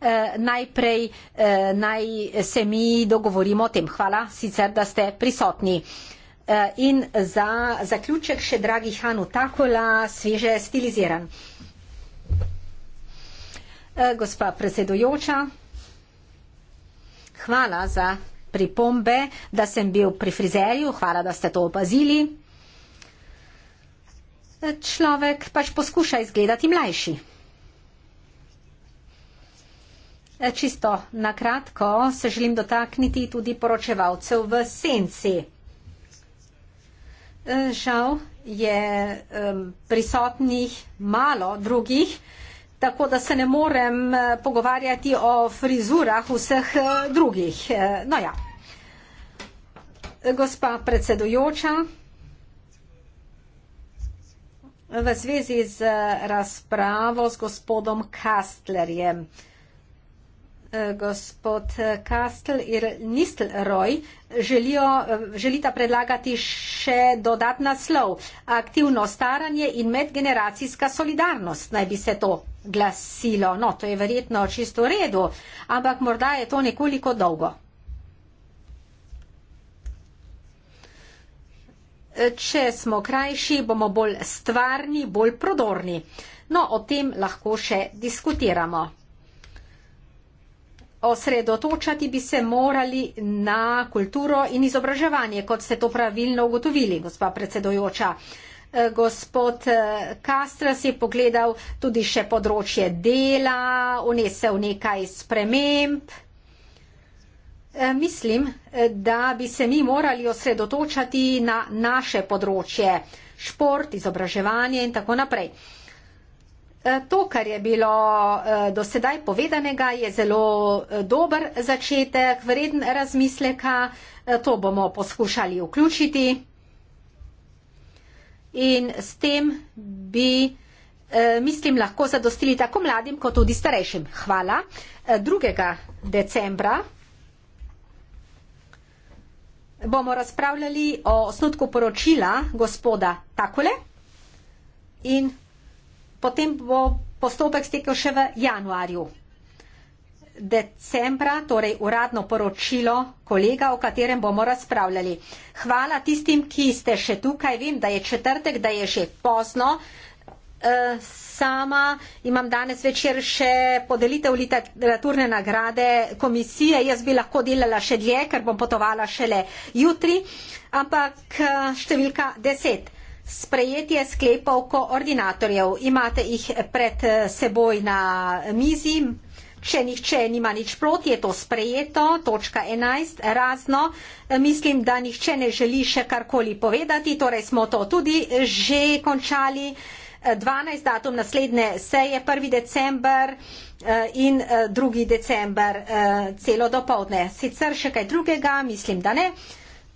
Eh, najprej eh, naj se mi dogovorimo o tem. Hvala sicer, da ste prisotni. Eh, in za zaključek še dragi Hanu Takola, sveže stiliziran. Gospa predsedujoča, hvala za pripombe, da sem bil pri frizerju, hvala, da ste to opazili. Človek pač poskuša izgledati mlajši. Čisto na kratko se želim dotakniti tudi poročevalcev v senci. Žal je prisotnih malo drugih, tako da se ne morem eh, pogovarjati o frizurah vseh eh, drugih. Eh, no ja. Gospa predsedujoča, v zvezi z razpravo z gospodom Kastlerjem. Gospod Kastl in Nistelroj želijo, želita predlagati še dodatna slov. Aktivno staranje in medgeneracijska solidarnost naj bi se to glasilo. No, to je verjetno čisto v redu, ampak morda je to nekoliko dolgo. če smo krajši, bomo bolj stvarni, bolj prodorni. No, o tem lahko še diskutiramo. Osredotočati bi se morali na kulturo in izobraževanje, kot ste to pravilno ugotovili, gospa predsedojoča. Eh, gospod Kastras eh, je pogledal tudi še področje dela, unesel nekaj sprememb. Eh, mislim, eh, da bi se mi morali osredotočati na naše področje, šport, izobraževanje in tako naprej. Eh, to, kar je bilo do sedaj povedanega, je zelo dober začetek, vreden razmisleka, to bomo poskušali vključiti in s tem bi, mislim, lahko zadostili tako mladim kot tudi starejšim. Hvala. 2. decembra bomo razpravljali o osnutku poročila gospoda Takole in potem bo postopek stekel še v januarju. Decembra, torej uradno poročilo kolega, o katerem bomo razpravljali. Hvala tistim, ki ste še tukaj. Vem, da je četrtek, da je že pozno. Eh, sama imam danes večer še podelitev literaturne nagrade komisije. Jaz bi lahko delala še dlje, ker bom potovala šele jutri. Ampak eh, številka deset. Sprejetje sklepov koordinatorjev. Imate jih pred eh, seboj na mizi. Če nihče nima nič proti, je to sprejeto. Točka 11. Razno. Mislim, da nihče ne želi še karkoli povedati. Torej smo to tudi že končali. 12 datum naslednje seje, 1. december eh, in 2. Eh, december eh, celo do povdne. Sicer še kaj drugega, mislim, da ne.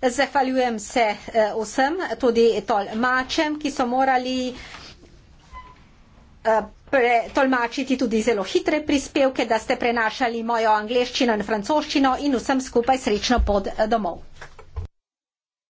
Zahvaljujem se vsem, tudi tolmačem, ki so morali tolmačiti tudi zelo hitre prispevke, da ste prenašali mojo angleščino in francoščino in vsem skupaj srečno pod domov.